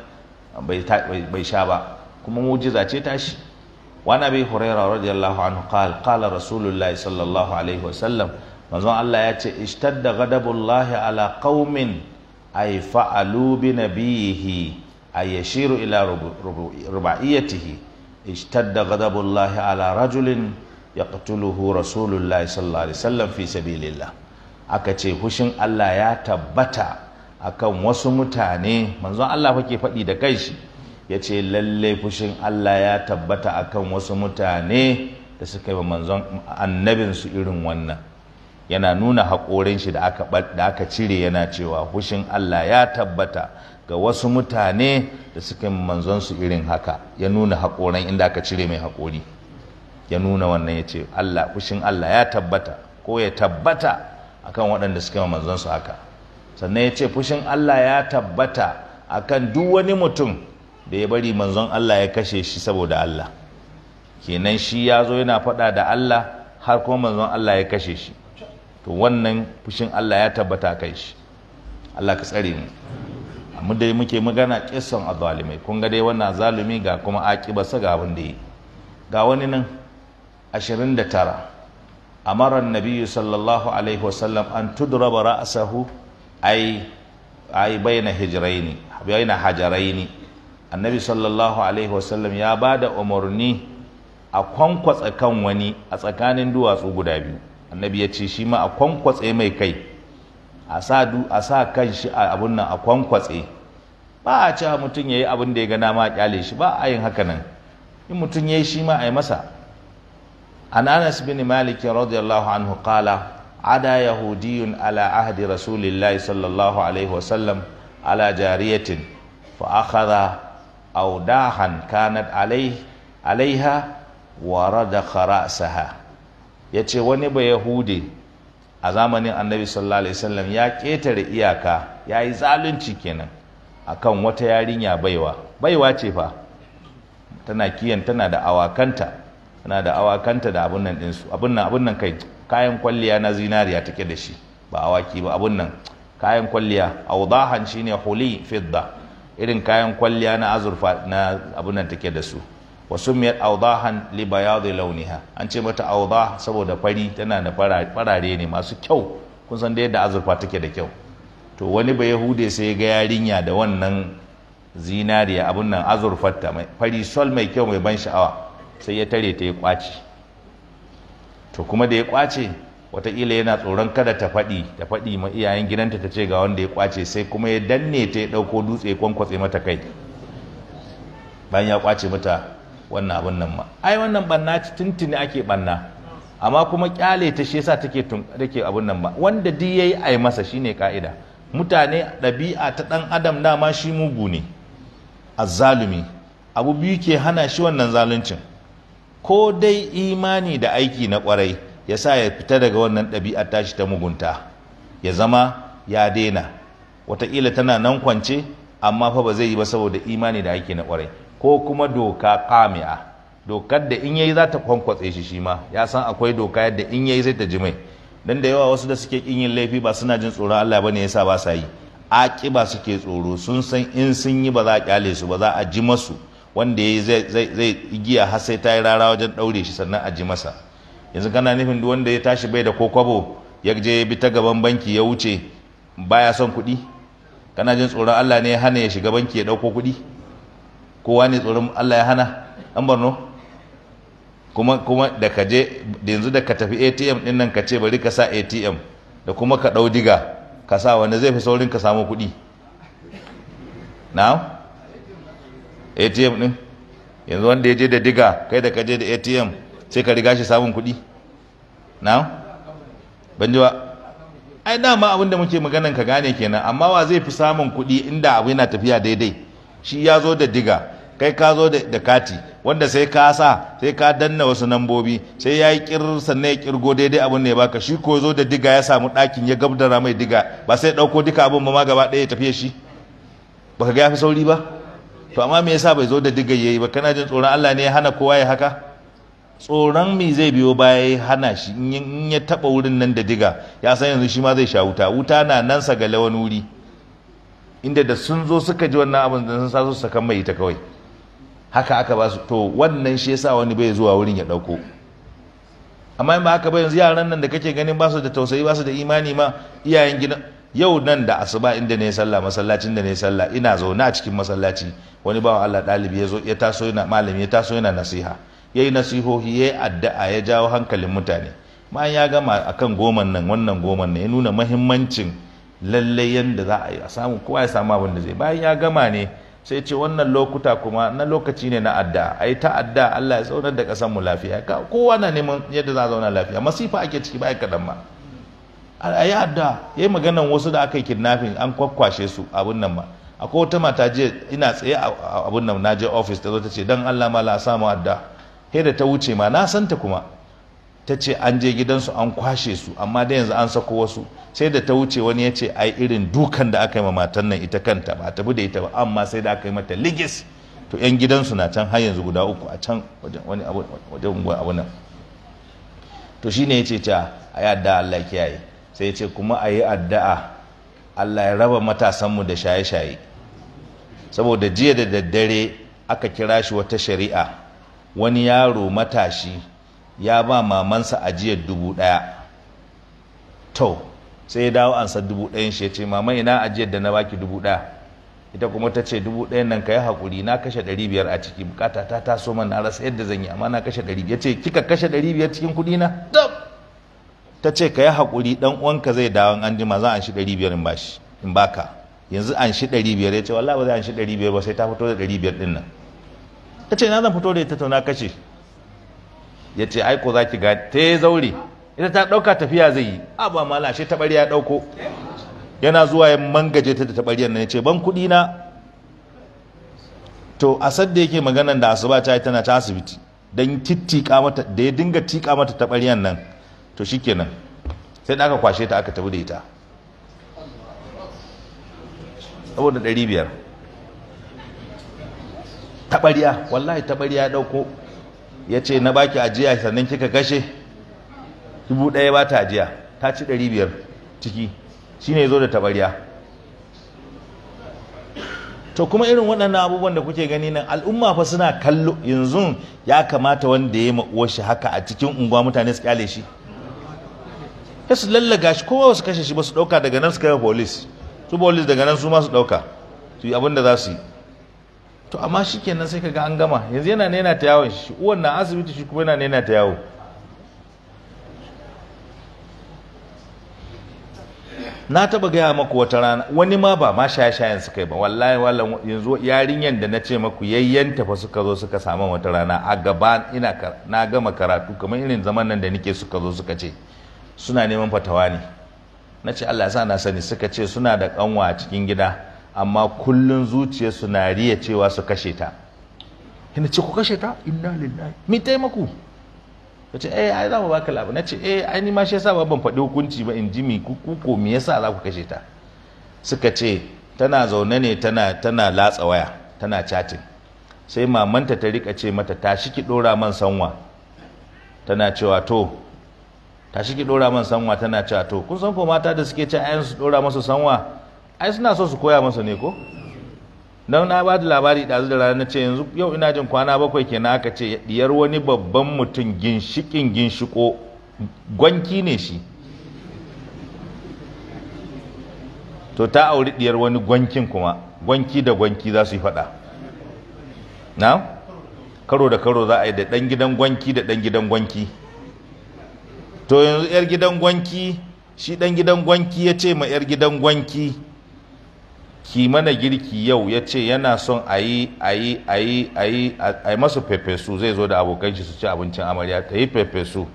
bai sha ba kuma mujiza ce tashi wana ابي هريره رضي الله عنه قال قال رسول sallallahu alaihi wasallam manzon Allah ya ce ishtadda ghadabullahi ala qaumin ay fa'alu bi nabiyihi ay yashiru ila rubaiyatihi ishtadda ghadabullahi ala rajulin yaqtuluhu rasulullahi sallallahu alaihi wasallam fi sabilillah aka ce hushin Allah ya tabbata akan wasu mutane manzon Allah fa ke faɗi da kanshi ce lalle fushin Allah ya tabbata akan wasu mutane da suka yi wa manzon annabinsu irin wannan yana nuna haƙorin shi da aka cire yana cewa hushin Allah ya tabbata ga wasu mutane da suka yi manzon su irin haka ya nuna haƙorin inda aka cire mai haƙori ya nuna wannan ya ce Allah kushin Allah ya tabbata ko ya tabbata akan waɗanda suke wa manzansu su haka sannan ya ce fushin Allah ya tabbata akan duk wani mutum da ya bari manzon Allah ya kashe shi saboda Allah kenan shi ya zo yana faɗa da Allah har kuma manzon Allah ya kashe shi to wannan fushin Allah ya tabbata kai shi Allah ka tsare mu mu dai muke magana kissan azalimai kun ga dai wannan zalumi ga kuma akibarsa ga abin da ga wani nan 29 amara nabiyyu sallallahu alaihi wasallam an tudraba ra'sahu ay ay bayna hijraini bayna hajaraini annabi sallallahu alaihi wasallam ya bada umarni a kwankwatsa kan wani a tsakanin duwatsu guda biyu annabi ya ce shi ma a kwankwatsa mai kai a sa a sa kan shi a abun nan a kwankwatse ba a cewa mutum yayi abun da ya ga ma kyale shi ba a yin haka nan in mutum yayi shi ma a yi masa an anas bin malik radiyallahu anhu kala, ada yahudiyun ala ahdi rasulillahi sallallahu alaihi wasallam ala jariyatin fa akhadha awdahan kanat alaihi alaiha wa radakha ra'saha yace wani ba yahudi a zamanin annabi sallallahu alaihi wasallam ya ketare iyaka yi zalunci kenan akan wata yarinya baiwa baiwa ce fa tana kiyan tana da awakanta tana da awakanta da abun nan ɗinsu abun nan abun nan kai kayan kwalliya na zinariya take da shi ba awaki ba abun nan kayan kwalliya awdahan shine huli fidda irin kayan kwalliya na azurfa na abun nan take da su wa sumiyat awdahan li launiha an ce mata awdah saboda fari tana da farare ne masu kyau kun san da yadda azurfa take da kyau to wani ba yahude sai ya ga yarinya da wannan zinariya abun nan azurfarta mai fari sol mai kyau mai ban sha'awa sai ya tare ta ya kwace to kuma da ya kwace wataƙila yana tsoron kada ta faɗi ta faɗi ma iyayen gidanta ta ce ga wanda ya kwace sai kuma ya danne ta ya ɗauko dutse kwankwatse mata kai bayan ya kwace mata wannan abin nan ma ai wannan banna tuntuni ake banna amma kuma kyale ta shi yasa take take abin nan ba wanda duk yayi ai masa shine ka'ida mutane ɗabi'a ta ɗan adam dama shi mugu ne azzalumi abu biyu ke hana shi wannan zaluncin ko dai imani da aiki na kwarai ya sa ya fita daga wannan ɗabi'ar tashi ta mugunta ya zama ya daina wataƙila tana nan kwance amma fa ba zai yi ba saboda imani da aiki na kwarai ko kuma doka kami'a dokar da in yayi za ta kwankwatse shi shi ma ya san akwai doka yadda in yayi zai ta ji mai dan da yawa wasu da suke kin yin laifi ba suna jin tsoron Allah bane yasa ba sa yi aƙiba suke tsoro sun san in sun yi ba za a kyale su ba za a ji masu wanda ya zai zai igiya har sai ta yi rara wajen ɗaure shi sannan a ji masa yanzu kana nufin duk wanda ya tashi bai da ko kwabo ya je bi ta gaban banki ya wuce baya son kuɗi kana jin tsoron Allah ne ya hana ya shiga banki ya ɗauko kuɗi kowa ne tsoron Allah ya hana an barno kuma kuma da ka je yanzu da ka tafi ATM din nan ka ce bari ka sa ATM da kuma ka ɗau diga ka sa wanda zai fi saurin ka samu kuɗi na'am atm din yanzu wanda ya je da diga kai da ka je da atm sai ka riga shi samun kuɗi na ban ji ba ai dama abin da muke maganan ka gane kenan amma wa zai fi samun kuɗi inda abu yana tafiya daidai shi ya zo da diga kai ka zo da kati wanda sai ka sa sai ka danna wasu nambobi sai ya yi kir sannan ya kirgo daidai abin ne baka shi ko zo da diga ya samu ɗakin ya gabdara mai diga ba sai ɗauko duka abin ba ma gaba ɗaya ya tafiya shi baka ga ya fi sauri ba to amma me yasa bai zo da diga yayi ba kana jin tsoron Allah ne ya hana kowa ya haka tsoron mi zai biyo baya ya hana shi in ya taba wurin nan da diga ya san yanzu shi ma zai sha wuta wuta na nan sa ga lawan wuri inda da sun zo suka ji wannan abin da sun sa su sakan mai ita kawai haka aka ba su to wannan shi yasa wani bai zuwa wurin ya dauko amma in ba haka ba yanzu yaran nan da kake ganin ba su da tausayi ba su da imani ma iyayen gidan yau nan da asuba inda ne sallah masallacin da ne sallah ina zaune a cikin masallaci wani bawan Allah ɗalibi ya zo ya taso yana malami ya taso yana nasiha yayi yi nasihohi ya yi addu'a ya jawo hankalin mutane bayan ya gama akan goman nan wannan goman ne ya nuna mahimmancin lallai yanda za a yi a samu kowa ya samu abin da zai bayan ya gama ne sai ce wannan lokuta kuma na lokaci ne na adda ai ta addu'a Allah ya tsaunar da ƙasar mu lafiya kowa na neman yadda za a zauna lafiya masifa ake ciki ba kaɗan ma a yi adda ya yi maganan wasu da aka yi kidnapping an kwakwashe su abin nan ba akwai wata mata je ina tsaye a abin nan na je office ta zo ta ce dan Allah ma la samu adda he da ta wuce ma na santa kuma ta ce an je gidansu an kwashe su amma da yanzu an sako wasu sai da ta wuce wani ya ce ai irin dukan da aka yi ma matan nan ita kanta ba tafi da ita ba amma sai da aka yi mata ligis to yan gidansu na can har yanzu guda uku a can wani wajen abu nan to shine ya ce ta a adda Allah kiyaye sai ce kuma a yi addu'a Allah ya raba matasanmu da shaye-shaye saboda jiya da daddare aka kira shi wata shari'a wani yaro matashi ya ba mamansa ajiyar dubu ɗaya to sai ya dawo ansa dubu ɗayan shi ya ce mama ina ajiyar da na baki dubu ɗaya ita kuma ta ce dubu ɗayan nan ka yi haƙuri na kashe ɗari biyar a ciki bukata ta taso man na rasa yadda zan yi amma na kashe ɗari biyar ce kika kashe ɗari biyar cikin kuɗi na ta ce ka yi haƙuri ɗan uwanka zai dawo an jima za a shi ɗari biyar in bashi in baka yanzu an shi ɗari biyar ya ce Wala ba zai an shi ɗari biyar ba sai ta fito da ɗari biyar ɗin nan ta ce na zan fito da ita to na kashe ya ce ai ko za ki ga ta yi zaure ita ta ɗauka tafiya zai yi a ba mala shi taɓari ya ɗauko yana zuwa ya mangaje ta da taɓariyar nan ya ce ban kuɗi na to a sadda yake maganan da asuba ta yi tana ta asibiti don tittika mata da ya dinga tika mata taɓariyar nan to shikenan sai da aka kwashe ta aka tafi da ita saboda ɗari biyar taɓariya wallahi taɓariya ya ɗauko ya ce na baki ajiya sannan kika kashe dubu ɗaya ba ta ajiya ta ci ɗari biyar ciki shine ya zo da taɓariya to kuma irin waɗannan abubuwan da kuke gani nan al'umma fa suna kallo yanzu ya kamata wanda ya yi shi haka a cikin unguwa mutane su kyale shi ya su lallaga shi kowa su kashe shi ba su ɗauka daga nan su kai polis su polis daga nan su ma su ɗauka su yi abin da za su yi to amma shi kenan sai kaga an gama yanzu yana nena ta yawon shi uwan na asibiti shi kuma yana nena ta yawo na taba gaya maku wata rana wani ma ba ma shaye-shayen su kai ba wallahi wallan yanzu yarinyan da na ce maku yayyan tafa suka zo suka samu wata rana a gaba ina na gama karatu kamar irin zaman nan da nike suka zo suka ce suna neman fatawa ne na ce Allah sa na sani suka ce suna da kanwa a cikin gida amma kullun zuciyarsu na riya cewa su kashe ta ina ce ku kashe ta inna lillahi mi taimaku ta ce eh ai za mu baka labu na ce eh ai ni ma shi yasa ban faɗi hukunci ba in ji mi ko me yasa za ku kashe ta suka ce tana zaune ne tana tana latsa waya tana chatting sai mamanta ta rika ce mata tashi ki dora man sanwa tana cewa to tashi ki dora man sanwa tana cewa to kun san ko mata da suke cewa ayan su dora masa sanwa ai suna so su koya masa ne ko dan na ba da labari dazu da rana ce yanzu yau ina jin kwana bakwai kenan aka ce diyar wani babban mutum ginshikin ginshiko gwanki ne shi to ta auri diyar wani gwankin kuma gwanki da gwanki za su yi faɗa na karo da karo za a yi da ɗan gidan gwanki da ɗan gidan gwanki to yanzu yar gidan gwanki shi dan gidan gwanki ya ce ma yar gidan gwanki ki mana girki yau ya ce yana son a yi a yi a yi a yi a yi masu pepesu zai zo da abokan shi su ci abincin amarya ta yi pepesu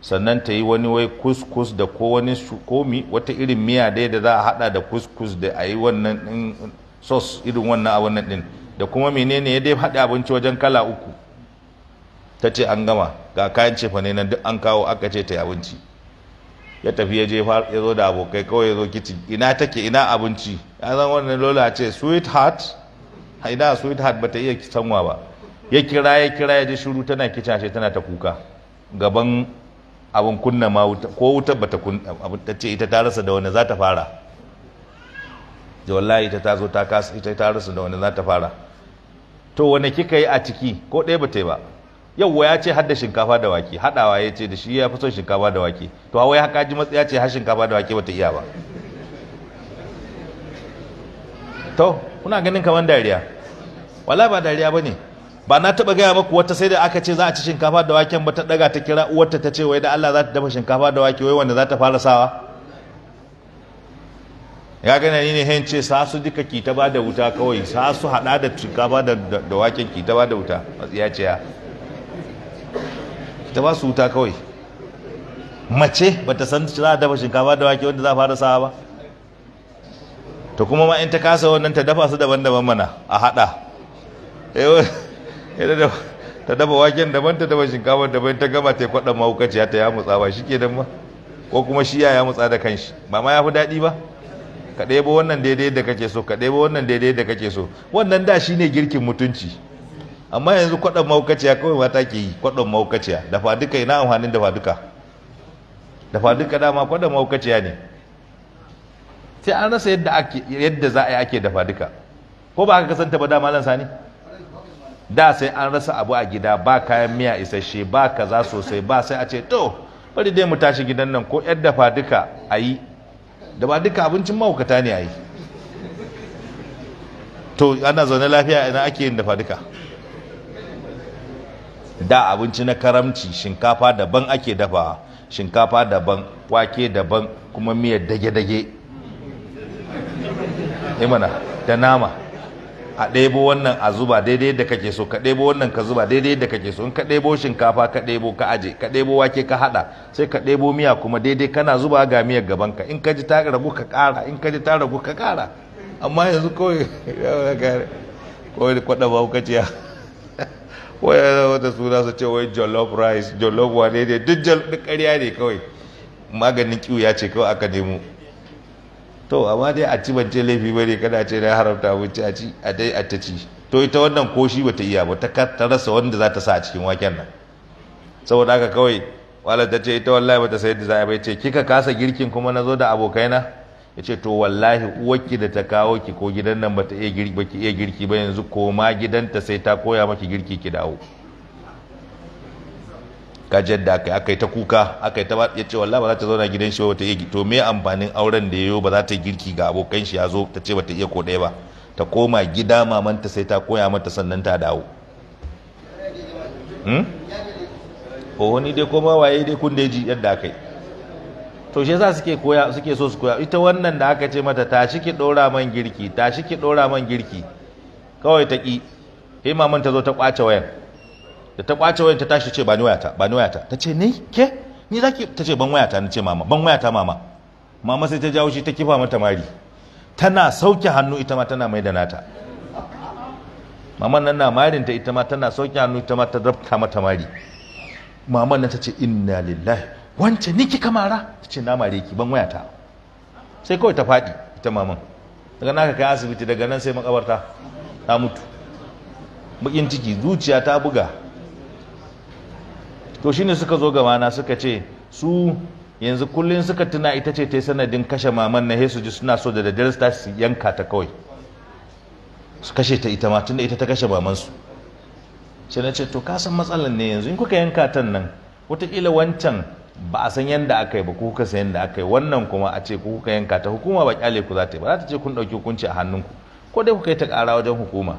sannan ta yi wani wai kuskus da ko wani komi wata irin miya dai da za a hada da kuskus da a yi wannan sos irin wannan a wannan din da kuma menene ya dai hada abinci wajen kala uku ta ce an gama ga kayan cefane nan duk an kawo aka ce ta yi abinci ya tafi ya je ya zo da abokai kawai ya zo kicin ina take ina abinci ya zan wannan lola ce sweetheart ina sweetheart bata iya sanwa ba ya kira ya kira ya ji shiru tana ce tana ta kuka gaban abin kunna ma wuta ko wuta bata abin ta ce ita ta rasa da wani za ta fara da wallahi ita ta zo ta kasa ita ta rasa da wani za ta fara to wani kika yi a ciki ko ɗaya ta yi ba wa ya ce hada shinkafa da wake hadawa ya ce da shi ya fi son shinkafa da wake to hawa ya kaji matsi ce har shinkafa da wake bata iya ba to kuna ganin kamar dariya wala ba dariya ba ne? ba na taba gaya maku wata sai da aka ce za a ci shinkafa da waken ba ta daga ta kira uwarta ta ce wai da Allah za ta dafa shinkafa da wake wai wanda za ta fara sawa ya gane ni ne hen ce sa su duka ki ta ba da wuta kawai sa su hada da shinkafa da waken ki ta ba da wuta ya ce ya ta ba su wuta kawai mace ba ta san za a dafa shinkafa da wake wanda za a fara sa ba ta kuma ma in ta kasa wannan ta dafa su daban-daban mana a haɗa eh, [laughs] ta dafa waken daban ta dafa shinkafa daban ta gama ta yi kwaɗa mahaukaciya ta ya mutsa ba shi ke dan ko kuma shi ya mutsa da kanshi ba ma ya fi daɗi ba ka ɗebo wannan daidai da kake so ka ɗebo wannan daidai da kake so wannan da shi ne girkin mutunci amma yanzu kwaɗon maukaciya kawai mata ke yi kwaɗon maukaciya dafa duka ina amfanin dafa duka dafa duka dama kwaɗon maukaciya ne sai an rasa yadda za a yi ake dafa duka ko ba ka kasanta ba dama lansa ne da sai an rasa abu a gida ba kayan miya isasshe ba kaza sosai ba sai a ce to bari dai mu tashi gidan nan ko yadda dafa duka a yi dafa duka abincin maukata ne a yi to ana zaune lafiya ina ake yin dafa duka da abinci na karamci shinkafa daban ake dafa shinkafa daban wake daban kuma miyar dage-dage imana eh da nama a ɗebo wannan a zuba daidai da kake so ka ɗebo wannan ka zuba daidai da kake so in ka ɗebo shinkafa ka ɗebo ka aje ka ɗebo wake ka haɗa sai ka ɗebo miya kuma daidai kana zuba ga miyar gaban ka in ka ji ta ragu ka ƙara in ka ji ta ragu ka ƙara amma yanzu kawai [laughs] kwaɗa ba ka waya wata suna su ce wai jollof rice jollof wane ne duk ƙarya ne kawai maganin kiwo ya ce kawai aka nemo to amma dai a ci ban ce laifi bane kana ce na haramta abinci a ci a dai a ta ci to ita wannan koshi bata iya ba ta rasa wanda za ta sa a cikin waken nan saboda haka kawai wala ta ce ita wallahi bata sayar da za a bai ce kika kasa girkin kuma na zo da abokaina ya ce to wallahi uwarki da ta kawo ki ko gidan nan bata iya girki baki iya girki ba yanzu ko ma gidanta sai ta koya maki girki ki dawo ka jadda kai akai ta kuka akai ta ya ce wallahi ba za ta zauna gidan shi ba bata iya to me amfanin auren da yayo ba za ta girki ga abokan shi ya zo ta ce bata iya ko ɗaya ba ta koma gida mamanta sai ta koya mata sannan ta dawo hmm? ko ni dai koma waye dai kun da ji yadda akai to shi yasa suke koya suke so su koya ita wannan da aka ce mata tashi ki dora man girki tashi ki dora man girki kawai ta ki sai maman ta zo ta kwace wayan da ta kwace wayan ta tashi ce ba ni wayata ba ni wayata ta ce ni ke ni zaki ta ce ban wayata ni ce mama ban wayata mama mama sai ta jawo shi ta kifa mata mari tana sauke hannu ita ma tana mai da nata maman nan na marin ta ita ma tana sauke hannu ita ma ta rabta mata mari maman nan ta ce inna lillahi wance niki kamara? ta ce na mare ki ban wayata sai kawai ta faɗi ita maman daga naka kai asibiti daga nan sai makabarta ta mutu bakin ciki zuciya ta buga to shine suka zo gaba na suka ce su yanzu kullum suka tuna ita ce ta sanadin kashe maman na hesu ji suna so da daddare ta su yanka ta kawai su kashe ta ita ma tunda ita ta kashe mamansu sai na ce to kasan matsalan ne yanzu in kuka yanka ta nan wataƙila wancan ba a san yadda aka yi ba kuka san yadda aka yi wannan kuma a ce kuka yanka ta hukuma ba kyale ku za ta yi ba za ta ce kun ɗauki hukunci a hannunku ko dai kuka yi ta ƙara wajen hukuma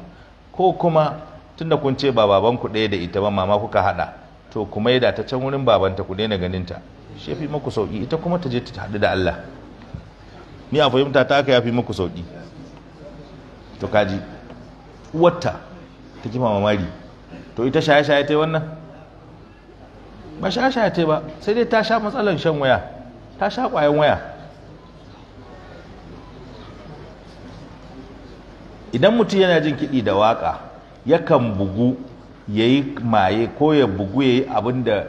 ko kuma tunda kun ce ba baban ku ɗaya da ita ba mama kuka haɗa to yi da ta can wurin babanta ku daina ganin ta shi fi muku sauki ita kuma ta je ta haɗu da Allah ni a fahimta ta aka yafi muku sauki to kaji uwarta ta kima mamari to ita shaye-shaye ta yi wannan ba sha sha ta ba sai dai ta sha matsalan shan waya ta sha ƙwayan waya idan mutum yana jin kiɗi da waƙa yakan bugu ya yi maye ko ya bugu ya yi abin da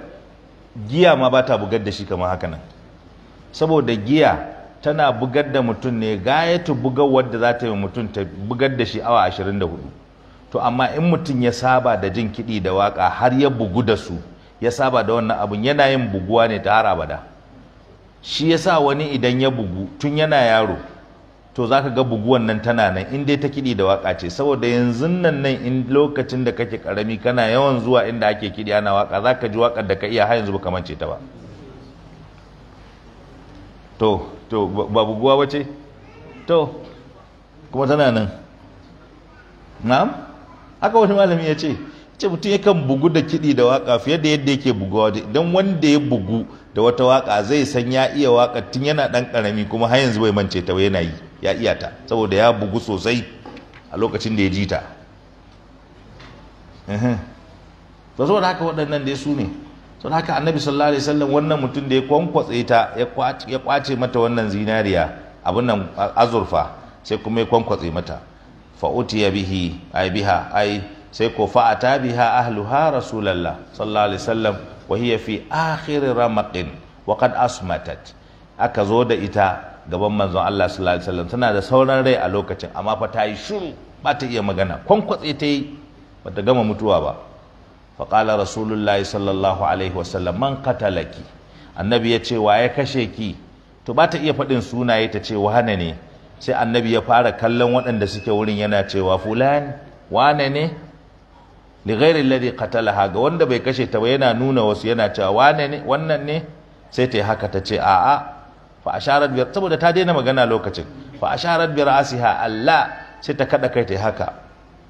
giya ma ba ta bugar da shi kamar haka nan saboda giya tana bugar da mutum ne gayatu bugar wadda za ta yi mutum ta bugar da shi awa 24 to amma in mutum ya saba da jin kiɗi da waƙa har ya bugu da su ya saba da wannan abun yana yin buguwa ne ta har abada shi ya sa wani idan ya bugu tun yana yaro to za ka ga buguwan nan tana nan in dai ta kiɗi da waka ce saboda yanzu nan nan in lokacin da kake ƙarami kana yawan zuwa inda ake kiɗi ana waka ka ji wakar da ka iya har yanzu baka mance ta ba to to ba buguwa ba ce? to kuma tana nan na'am haka wani malami ya ce ce mutum yakan bugu da kiɗi da waka fiye da yadda yake buguwa da idan wanda ya bugu da wata waka zai san ya iya waka tun yana ɗan ƙarami kuma har yanzu bai mance ta yana yi ya iya ta saboda ya bugu sosai a lokacin da ya ji ta ba wani haka waɗannan dai su ne saboda haka annabi sallallahu alaihi wasallam wannan mutum da ya kwankwatse ta ya kwace mata wannan zinariya abin nan azurfa sai kuma ya kwankwatse mata fa'uti ya bihi ai biha ai sai ko fa atabiha ahluha rasulallah sallallahu alaihi wasallam wa hiya fi akhir ramaqin wa qad asmatat aka zo da ita gaban manzon Allah sallallahu alaihi wasallam tana da sauran rai a lokacin amma fa ta yi shiru ba ta iya magana kwankwatse ta yi ba ta gama mutuwa ba fa qala sallallahu alaihi wasallam man qatalaki annabi ya ce wa ya kashe ki to ba ta iya faɗin sunaye ta ce wane ne sai annabi ya fara kallon waɗanda suke wurin yana cewa fulan wane ne li ghairi alladhi qatalaha ga wanda bai kashe ta ba yana nuna wasu yana cewa wane ne wannan ne sai ta haka ta ce a'a fa asharat bi saboda ta daina magana lokacin fa asharat bi ra'siha Allah sai ta kada kai ta haka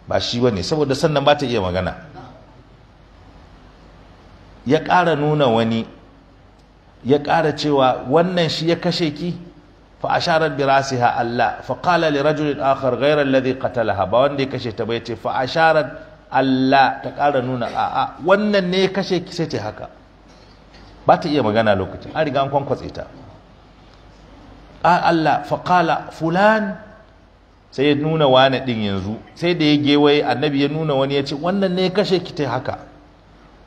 ba shi bane saboda sannan ba ta iya magana ya ƙara nuna wani ya ƙara cewa wannan shi ya kashe ki فأشارت برأسها الله فقال ba wanda ya kashe ta bai ce تبيتي فأشارت Allah ta ƙara nuna a'a wannan ne kashe ki sai ce haka ba ta iya magana lokacin an riga an kwankwatse ta a Allah faƙala fulan sai ya nuna wani ɗin yanzu sai da ya gewaye annabi ya nuna wani ya ce wannan ne kashe ki ta haka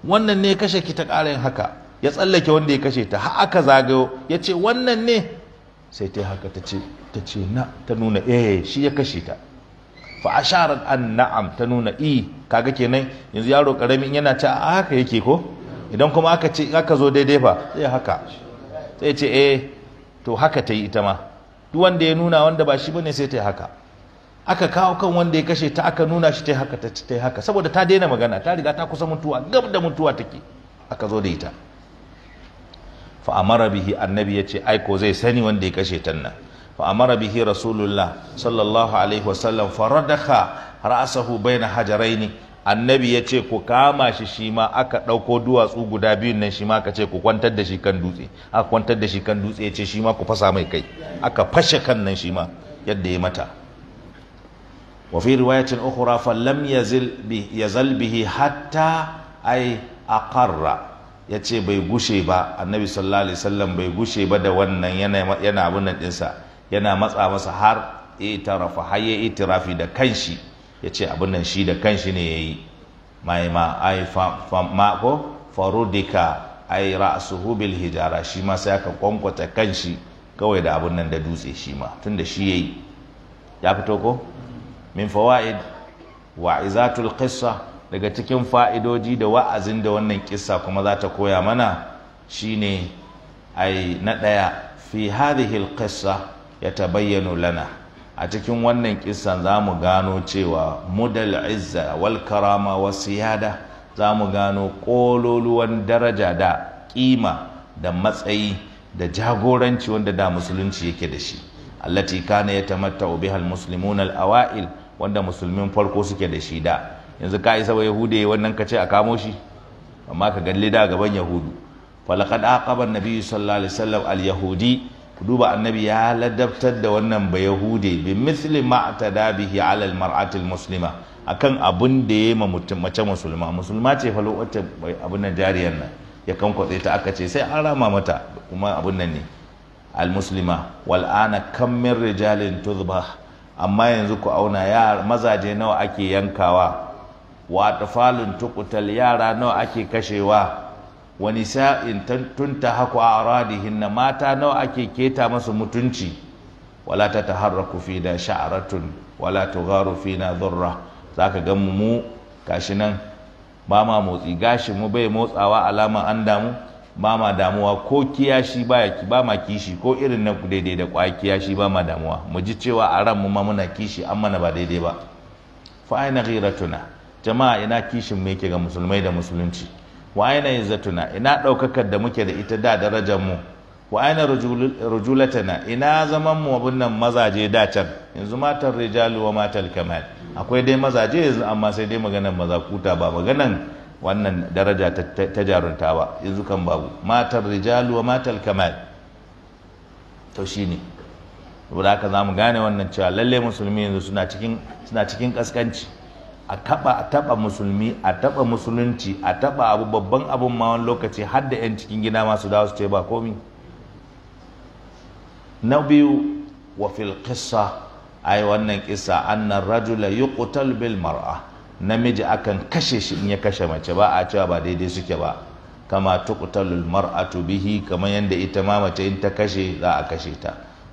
wannan ne kashe ki ta ƙara yin haka ya tsallake wanda ya kashe ta haka zagayo ya ce wannan ne sai ta haka ta ce ta ce na ta nuna eh shi ya kashe ta fa asharat an na'am ta nuna i eh. kaga kenan yanzu yaro karami yana ci a haka yake ko idan kuma aka ce aka zo daidai fa sai haka sai ce eh to haka ta yi ita ma duk wanda ya nuna wanda ba shi bane sai ta yi haka aka kawo kan wanda ya kashe ta aka nuna shi ta yi haka ta ta yi haka saboda ta daina magana ta riga ta kusa mutuwa gab da mutuwa take aka zo da ita fa amara bihi annabi ya ce aiko zai sani wanda ya kashe ta nan fa amara bihi rasulullah sallallahu alaihi wasallam faradakha ra'asahu baina hajaraini annabi ya ce ku kama shi shi ma aka ɗauko duwatsu guda biyun nan shi ma aka ce ku kwantar da shi kan dutse aka kwantar da shi kan dutse ya ce shi ma ku fasa mai kai aka fashe kan nan shi ma yadda ya mata wa fi riwayatin ukhra fa lam yazal bihi hatta ai aqarra ce bai gushe ba annabi sallallahu alaihi bai gushe ba da wannan yana yana abun nan dinsa yana matsa masa har itarafa har ya itirafi da kanshi ya ce abin nan shi da kanshi ne ya yi mai ma ai mako farudika ai ra'asuhu bil hijara shi ma sai aka kwankwata kanshi kawai da abin nan da dutse shi ma tunda shi ya yi. ya fito ko min fawaid wa'izatul qissa daga cikin fa'idoji da wa'azin da wannan kisa kuma za ta koya mana shine ai na ɗaya fi hadhihi al ya tabayyano lana a cikin wannan kisan za mu gano cewa mudal izza wal karama wa siyada za mu gano ƙololuwan daraja da ƙima da matsayi da jagoranci wanda da musulunci yake da shi allati kana yatamatta'u biha al awail wanda musulmin farko suke da shi da yanzu ka isa wa yahude wannan kace a kamo shi amma ka galli da gaban yahudu falaqad aqaba an-nabi sallallahu alaihi wasallam al-yahudi ku duba annabi ya ladabtar da wannan ba yahude bi misli ma tada bihi ala almar'ati muslima akan abun da ya ma mutum mace musulma musulma ce fa lokacin abun nan jariyar nan ya kankwatse ta aka ce sai an rama mata kuma abun nan ne almuslima wal ana kam min rijalin tuzbah amma yanzu ku auna yara mazaje nawa ake yankawa wa falon tuqtal yara nawa ake kashewa wani sa'in tunta haku a na mata nawa ake keta masu mutunci wala ta ku fi da sha'aratun wala garu fi na za ka gan mu gashi nan ba ma motsi gashin mu bai motsawa alama an damu ba ma damuwa ko kiyashi baya ba ma kishi ko irin na daidai da kwa kiyashi ba ma damuwa mu ji cewa a ran mu ma muna kishi an mana ba daidai ba fa ghiratuna jama'a ina kishin mu yake ga musulmai da musulunci wa aina izzatuna ina daukakar da muke da ita da darajar mu wa aina rujulatana ina zaman mu abun nan mazaje da can yanzu matar rijalu wa matal kamal akwai dai mazaje yanzu amma sai dai maganan mazakuta ba maganan wannan daraja ta jarunta ba yanzu kan babu matar rijalu wa matal kamal to shine saboda haka zamu gane wannan cewa lalle musulmi yanzu suna cikin suna cikin kaskanci a taba a taba musulmi a taba musulunci a taba abu babban abun ma lokaci har da yan cikin gida masu dawo su ce ba komi na biyu wa fil qissa ai wannan kisa anna rajula yuqtal bil mar'a namiji akan kashe shi in ya kashe mace ba a cewa ba daidai suke ba kama tuqtalul mar'atu bihi kamar yadda ita ma mace in ta kashe za a kashe ta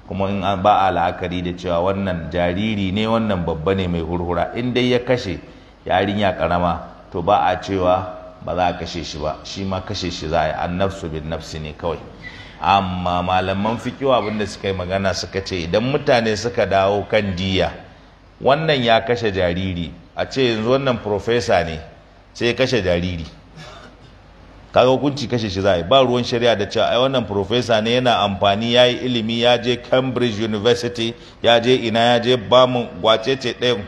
kuma in ba a la'akari da cewa wannan jariri ne wannan babba ne mai hurhura in dai ya kashe yarinya karama to ba a cewa ba za a kashe shi ba shi ma kashe shi za a yi an nafsu bin nafsi ne kawai amma malaman fikiwa da suka yi magana suka ce idan mutane suka dawo kan diya wannan ya kashe jariri a ce yanzu wannan profesa ne sai ya kashe jariri kaga hukunci kashe shi za a yi ba ruwan shari'a da cewa ai wannan profesa ne yana amfani ya yi ilimi ya je cambridge university ya je ina ya je ce wacece ɗayan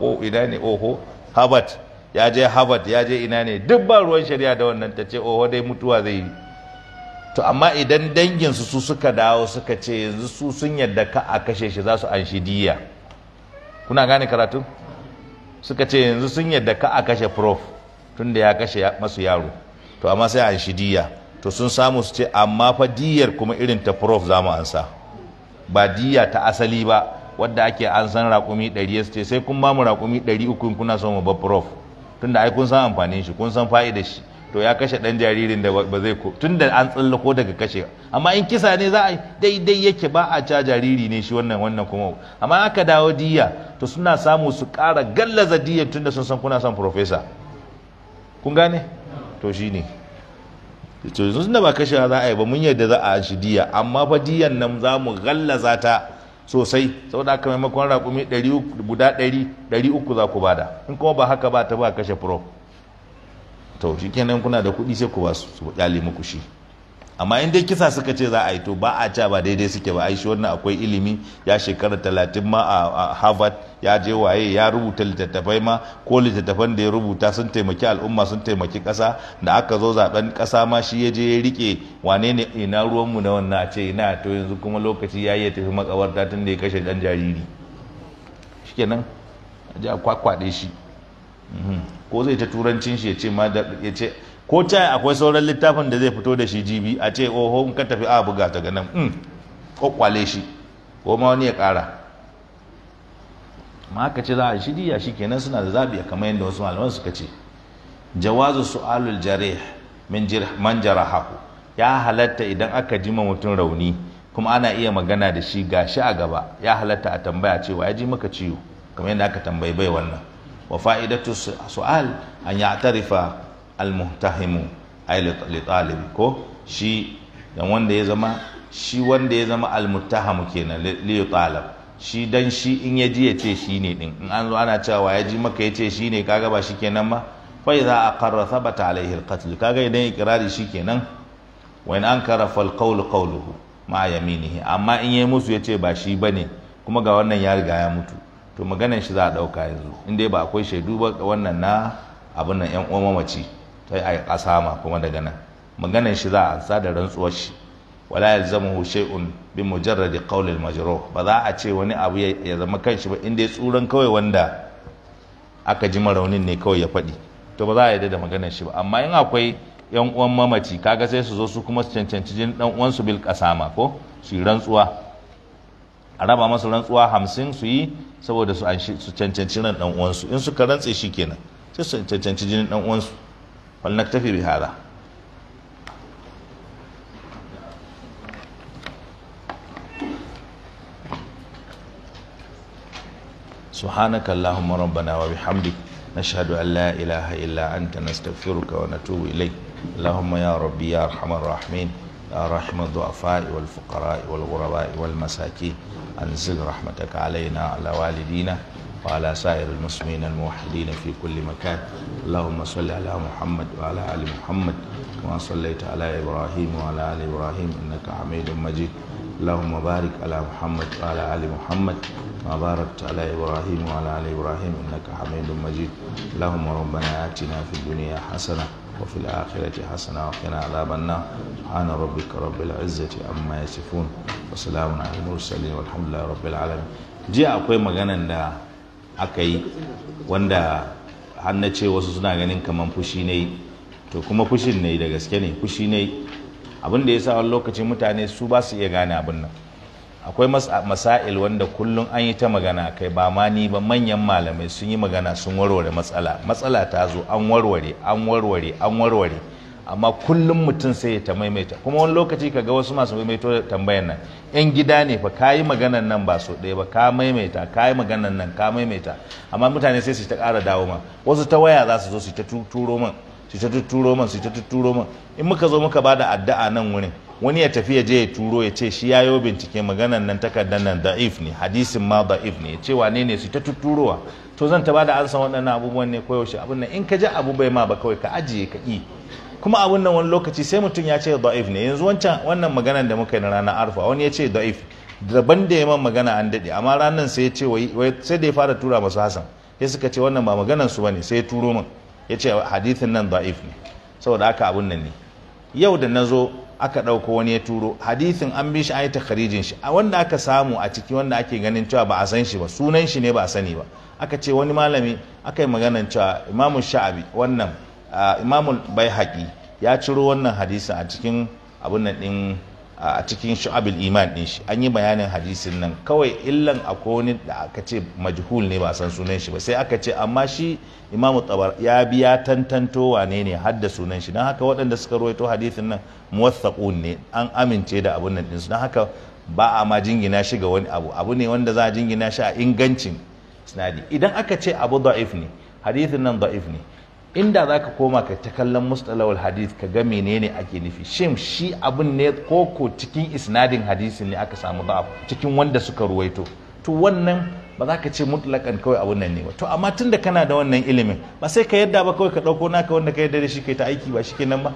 o ina ne oho harvard ya je harvard ya je ina ne duk ba ruwan shari'a da wannan ta ce oho dai mutuwa zai yi to amma idan danginsu su suka dawo suka ce yanzu su sun yadda ka a kashe shi za su an shi diya kuna gane karatu suka ce yanzu sun yadda ka a kashe prof tunda ya kashe masu yaro to amma sai an shi diya to sun samu su ce amma fa diyar kuma irin ta prof za mu ansa ba diya ta asali ba wadda ake an san raƙumi ɗari su ce sai kun ba mu raƙumi ɗari uku in kuna son mu ba prof tunda ai kun san amfanin shi kun san fa'idar shi to ya kashe ɗan jaririn da ba zai ko tunda an tsallako daga kashe amma in kisa ne za a daidai yake ba a ca jariri ne shi wannan wannan kuma amma aka dawo diya to suna samu su ƙara gallaza diyar tunda sun san kuna son profesa kun gane to shi ne to yanzu da ba kashewa za a yi ba mun yadda za a shi diya amma fa diyan nan za mu gallaza ta sosai saboda haka maimakon raƙumi guda ɗari ɗari uku za ku bada in kuma ba haka ba ta ba kashe prof to shi kenan kuna da kuɗi sai ku ba su su ƙyale muku shi amma in dai kisa suka ce za a yi to ba a ca ba daidai suke ba aishi shi wannan akwai ilimi ya shekara talatin ma a harvard ya je waye ya rubuta littattafai ma ko littattafan da ya rubuta sun taimaki al'umma sun taimaki kasa da aka zo zaben kasa ma shi ya je ya rike wane ne ina ruwanmu na wannan a ce ina to yanzu kuma lokaci ya yi tafi makabarta tun da ya kashe ɗan jariri mhm. ko zai ta turancin shi ya ya ce ko ta akwai sauran littafin da zai fito da shi jibi a ce oho in ka tafi a buga ta ganin in hmm, kwakwale shi ko ma wani ya kara ma aka ce za a ya shi kenan suna da zabi kamar yadda wasu malaman suka ce jawazu su'alul jarih min man jarahahu ya halatta idan aka ji ma mutum rauni kuma ana iya magana da shi ga shi a gaba ya halatta a tambaya cewa ya ji maka ciwo kamar yadda aka tambayi bai wannan wa fa'idatu su'al an ya'tarifa almuhtahimu ay li talibi ko shi dan wanda ya zama shi wanda ya zama almuttahamu kenan li talab shi dan shi in ya ji ya ce shi ne din in an zo ana cewa ya ji maka ya ce shi ne kaga ba shi kenan ma fa idza aqarra thabata alaihi alqatl kaga idan ikrari shi kenan wa in ankara fal qawl qawluhu ma yaminihi amma in yayi musu ya ce ba shi bane kuma ga wannan ya riga ya mutu to maganar shi za a dauka yanzu in dai ba akwai shaidu ba wannan na abin nan yan uwan mamaci yi a ma kuma daga nan maganar shi za a ansa da rantsuwar shi wala yalzamuhu shay'un bi mujarradi qawlil majruh ba za a ce wani abu ya zama kanshi ba inda ya tsuran kawai wanda aka ji maraunin ne kawai ya faɗi to ba za a yi da maganin shi ba amma in akwai yan uwan mamaci kaga sai su zo su kuma su cancanci jin dan uwan su bil kasama ko su rantsuwa a raba masu rantsuwa hamsin su yi saboda su cancanci ran dan su in suka rantse shi kenan sai su cancanci jinin dan su فلنكتفي بهذا سبحانك اللهم ربنا وبحمدك نشهد أن لا إله إلا أنت نستغفرك ونتوب إليك اللهم يا ربي يا أرحم الراحمين يا رحم الضعفاء والفقراء والغرباء والمساكين أنزل رحمتك علينا على والدينا وعلى سائر المسلمين الموحدين في كل مكان اللهم صل على محمد وعلى آل محمد كما صليت على إبراهيم وعلى آل إبراهيم إنك حميد مجيد اللهم بارك على محمد وعلى آل محمد كما باركت على إبراهيم وعلى آل إبراهيم إنك حميد مجيد اللهم ربنا آتنا في الدنيا حسنة وفي الآخرة حسنة وقنا عذاب النار سبحان ربك رب العزة عما يصفون وسلام على المرسلين والحمد لله رب العالمين jiya akwai maganan da aka yi wanda hannu ce wasu suna ganin kamar fushi ne to kuma fushin ne da gaske ne fushi ne abin da ya sa wani lokacin mutane su ba su iya gane abin nan akwai masail wanda kullum an yi ta magana kai ba ma ni ba manyan malamai sun yi magana sun warware matsala matsala ta zo an warware an warware an warware amma kullum mutum sai ya ta maimaita kuma wani lokaci ka ga wasu masu maimaito tambayan nan yan gida ne fa ka yi maganan nan ba so ɗaya ba ka maimaita ka yi maganan nan ka maimaita amma mutane sai su ta ƙara dawo ma wasu ta waya za su zo su ta tuturo man su ta tuturo man su ta tuturo in muka zo muka ba bada addu'a nan wurin wani ya tafi ya je ya turo ya ce shi yayo bincike maganan nan takardan nan da'if ne hadisin ma da'if ne ya ce wane ne su ta tuturowa to zan ta bada ansa waɗannan abubuwan ne koyaushe abin nan in ka ji abu bai ma ba kawai ka ajiye ka ɗi. kuma abun nan wani lokaci sai mutum ya ce da'if ne yanzu wancan wannan maganar da muka yi na ranar arfa wani ya ce da'if daban da ya man magana an dade amma ranar sai ya ce sai da ya fara tura masu hasan ya suka ce wannan ba maganan su bane sai ya turo min ya ce hadithin nan da'if ne saboda haka abun nan ne yau da na zo aka ɗauko wani ya turo hadithin an bi shi an yi takharijin shi wanda aka samu a ciki wanda ake ganin cewa ba a san shi ba sunan shi ne ba a sani ba aka ce wani malami aka yi maganar cewa imamu sha'abi wannan imamul bai haƙi ya ciro wannan hadisin a cikin abin ɗin a cikin shu'abil iman ɗin shi an yi bayanin hadisin nan kawai illan akwai wani da aka ce majhul ne ba san sunan shi ba sai aka ce amma shi imamu tabar ya biya tantanto wane ne har da sunan shi don haka waɗanda suka ruwaito hadisin nan muwaththaqun ne an amince da abun nan su don haka ba a ma jingina shi ga wani abu abu ne wanda za a jingina shi a ingancin sinadi idan aka ce abu da'if ne hadisin nan da'if ne inda za ka koma ka ta kallon mustalawar hadith ka ga menene ake nufi shin shi abin ne koko cikin isnadin hadisin ne aka samu ba cikin wanda suka ruwaito to wannan ba za ka ce mutlakan kawai a nan ne ba to amma tunda kana da wannan ilimin ba sai ka yadda ba kawai ka ɗauko naka wanda ka yadda da shi kai ta aiki ba shi kenan ba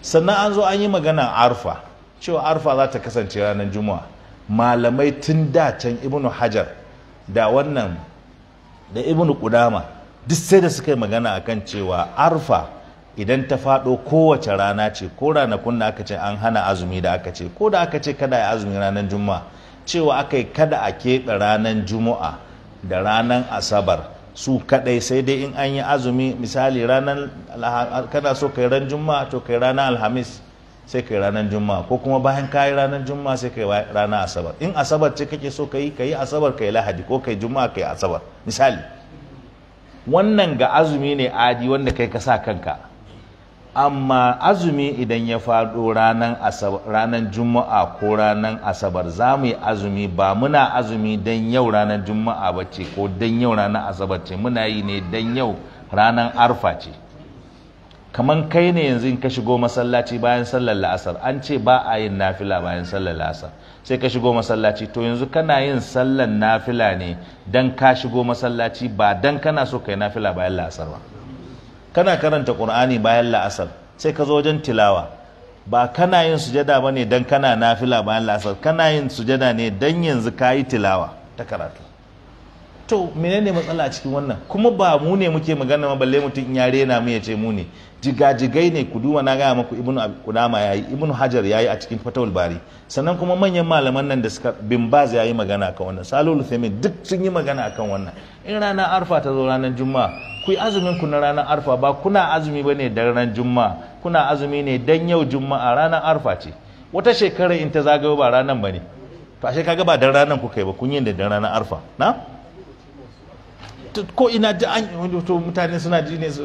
sannan an zo an yi magana arfa cewa arfa za ta kasance ranar juma'a malamai tun da can ibnu hajar da wannan da ibnu kudama duk sai da suka yi magana akan cewa arfa idan ta faɗo kowace rana ce ko ranakun da aka ce an hana azumi da aka ce ko da aka ce kada a azumi ranar juma'a cewa aka yi kada a keɓe ranar juma'a da ranar asabar su kadai sai dai in an yi azumi misali ranar kana so kai ran juma'a to kai ranar alhamis sai kai ranar juma'a ko kuma bayan ka yi ranar juma'a sai kai ranar asabar in asabar ce kake so kai kai asabar kai lahadi ko kai juma'a kai asabar misali wannan ga azumi ne adi wanda kai ka sa kanka amma azumi idan ya faɗo ranar juma'a ko ranar asabar za mu yi azumi ba muna azumi don yau ranar juma'a ba ce ko don yau ranar asabar ce muna yi ne don yau ranar arfa ce kamar kai ne yanzu in ka shigo masallaci bayan sallar la'asar an ce ba a yin nafila bayan sallar la'asar sai ka shigo masallaci to yanzu kana yin sallar nafila ne dan ka shigo masallaci ba dan kana so kai nafila bayan la'asar ba kana karanta qur'ani bayan la'asar sai ka zo wajen tilawa ba kana yin sujada ba ne dan kana nafila bayan la'asar kana yin sujada ne dan yanzu ka yi tilawa ta karatu to menene matsala cikin wannan kuma ba mu ne muke magana ma balle mutum ya rena mu ya ce mu ne jigajigai ne ku duba na gaya maku ibnu kudama yayi ibnu hajar yayi a cikin fatawul bari sannan kuma manyan malaman nan da suka bin baz yi magana akan wannan salul uthaymeen duk sun yi magana akan wannan in ranar arfa ta zo ranar juma'a ku yi azumin ku na ranar arfa ba kuna azumi bane da ranar juma'a kuna azumi ne dan yau juma'a ranar arfa ce wata shekara in ta zagayo ba ranar bane to ashe kaga ba dan ranar kuka yi ba kun yi da dan ranar arfa na ko ina duk an to mutane suna ji ne su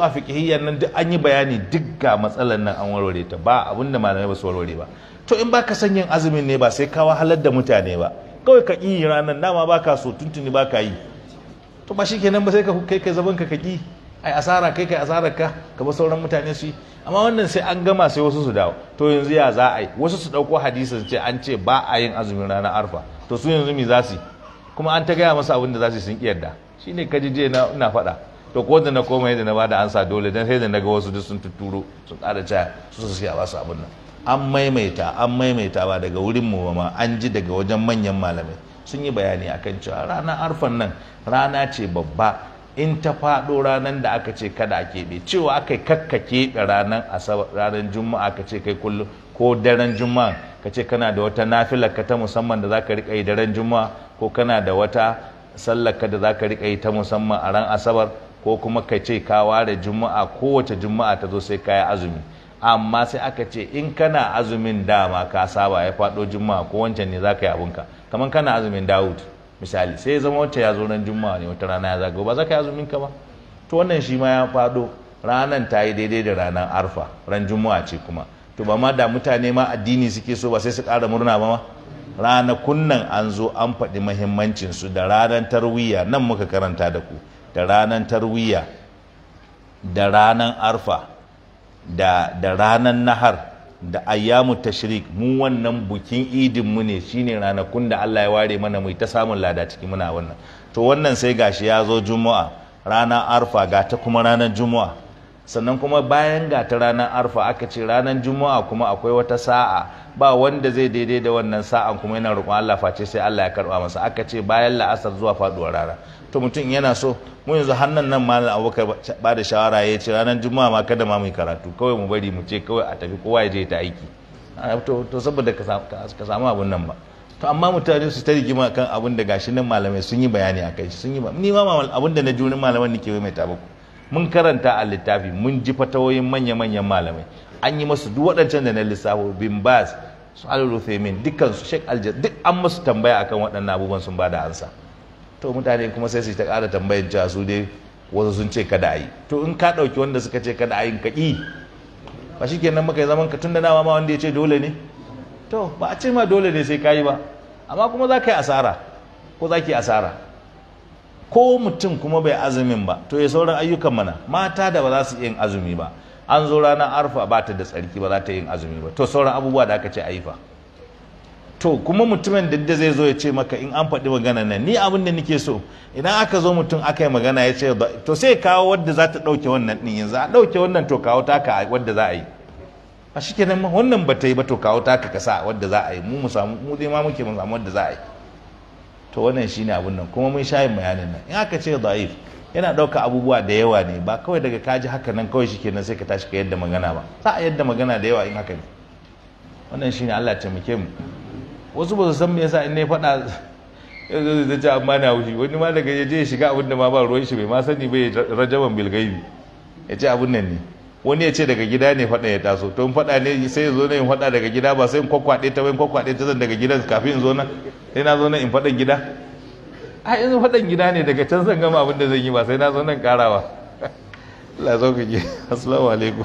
a fiqhiyyar nan duk an yi bayani duk ga matsalar nan an warware ta ba da malamai ba su warware ba to in baka son yin azumin ne ba sai ka wahalar da mutane ba kawai ka yi ranar dama ka so tuntuni ka yi to ba shikenan ba sai ka kai kai zaban ka ka ki ai asara kai kai asarar ka kamar sauran mutane su yi amma wannan sai an gama sai wasu su dawo to yanzu ya za a yi wasu su ɗauko hadisin ce an ce ba a yin azumin ranar arfa to su yanzu me za su yi kuma an ta gaya masa abin da za su sun da. shi ne kajije na ina faɗa to ko da na koma yadda na bada ansa dole don sai da naga wasu duk sun tuturo sun ƙara caya su su a basu abin nan an maimaita an maimaita ba daga wurin mu ma an ji daga wajen manyan malamai sun yi bayani akan cewa rana arfan nan rana ce babba in ta faɗo ranar da aka ce kada a keɓe cewa aka kakka keɓe ranar ranar juma'a aka ce kai kullum ko daren juma'a ka ce kana da wata nafilar ka ta musamman da za ka riƙa yi daren juma'a ko kana da wata sallaka da za ka riƙa yi ta musamman a ran asabar ko kuma ka ce ka ware juma'a kowace juma'a ta zo sai ka yi azumi amma sai aka ce in kana azumin dama ka saba ya faɗo juma'a ko wancan ne za ka yi abinka kamar kana azumin dawud misali sai ya zama wacce ya zo ran juma'a ne wata rana ya zagayo ba za ka yi azumin ka ba to wannan shi ma ya faɗo ranan ta yi daidai da ranar arfa ran juma'a ce kuma to ba ma da mutane ma addini suke so ba sai su ƙara murna ba ma ranakun nan an zo an faɗi mahimmancinsu da ranar tarwiya nan muka karanta da ku da ranar tarwiya da ranar arfa da, da ranar nahar da ayyamu tashrik mu wannan bukin idinmu ne shine ranakun da Allah ya ware mana mai ta samun lada ciki muna wannan to wannan sai gashi ya zo juma'a ranar arfa ga ta kuma ranar juma'a sannan kuma bayan ga ta ranar arfa aka ce ranar juma'a kuma akwai wata sa'a ba wanda zai daidai da wannan sa'an kuma yana roƙon Allah face sai Allah ya karba masa aka ce bayan la'asar zuwa faduwar rana to mutum yana so mu yanzu hannan nan malam Abubakar ba da shawara ya ce ranar juma'a ma kada ma mu karatu kawai mu bari mu ce kawai a tafi kowa ya je ta aiki to saboda ka samu abun nan ba to amma mutane su ta rigima kan abun da gashi nan malamai sun yi bayani akai sun yi ni ma abun da na junin malaman nake mai tabako mun karanta a littafi mun ji fatawoyin manya-manyan malamai an yi masu duk waɗancan da na lissafo bin bas su alulu femin dukkan su shek aljar duk an masu tambaya akan waɗannan abubuwan sun ba da ansa to mutane kuma sai su ta ƙara tambayan cewa su dai wasu sun ce kada a yi to in ka ɗauki wanda suka ce kada a yi ka ƙi ba shi kenan maka yi zaman ka tun da nawa ma wanda ya ce dole ne to ba a ce ma dole ne sai ka yi ba amma kuma za ka yi asara ko za ki asara ko mutum kuma bai azumin ba to ya sauran ayyukan mana mata da ba za su yin azumi ba an zo ranar arfa ba ta da tsarki ba za ta yin azumi ba to sauran abubuwa da aka ce a yi fa to kuma mutumin da da zai zo ya ce maka in an faɗi magana nan ni abin da nake so idan aka zo mutum aka yi magana ya ce to sai kawo wadda za ta ɗauke wannan ɗin yanzu a ɗauke wannan to kawo taka wadda za a yi a shi kenan wannan ba ta yi ba to kawo taka ka sa wadda za a yi mu mu samu mu dai ma muke mu samu wadda za a yi to wannan shi ne abun nan kuma mun shayin bayanin nan in aka ce da'if yana ɗauka abubuwa da yawa ne ba kawai daga kaji haka nan kawai shike nan sai ka tashi ka yadda magana ba sa a yadda magana da yawa in haka ne wannan shi ne Allah taimake mu wasu ba su san me yasa in ne faɗa yanzu zai ce amma na wuce wani ma daga ya je ya shiga abin da ma ba ruwan shi bai ma sani bai rajaban bilgaibi ya ce abun nan ne wani ya ce daga gida ne faɗa ya taso to in faɗa ne sai ya zo ne in faɗa daga gida ba sai in kwakwaɗe ta wani kwakwaɗe ta zan daga gida kafin in zo na sai na zo na in faɗan gida a yanzu faɗan gida ne daga can zan gama abin da zan yi ba sai na zo nan karawa [laughs] Allah ya zo ku ji assalamu alaikum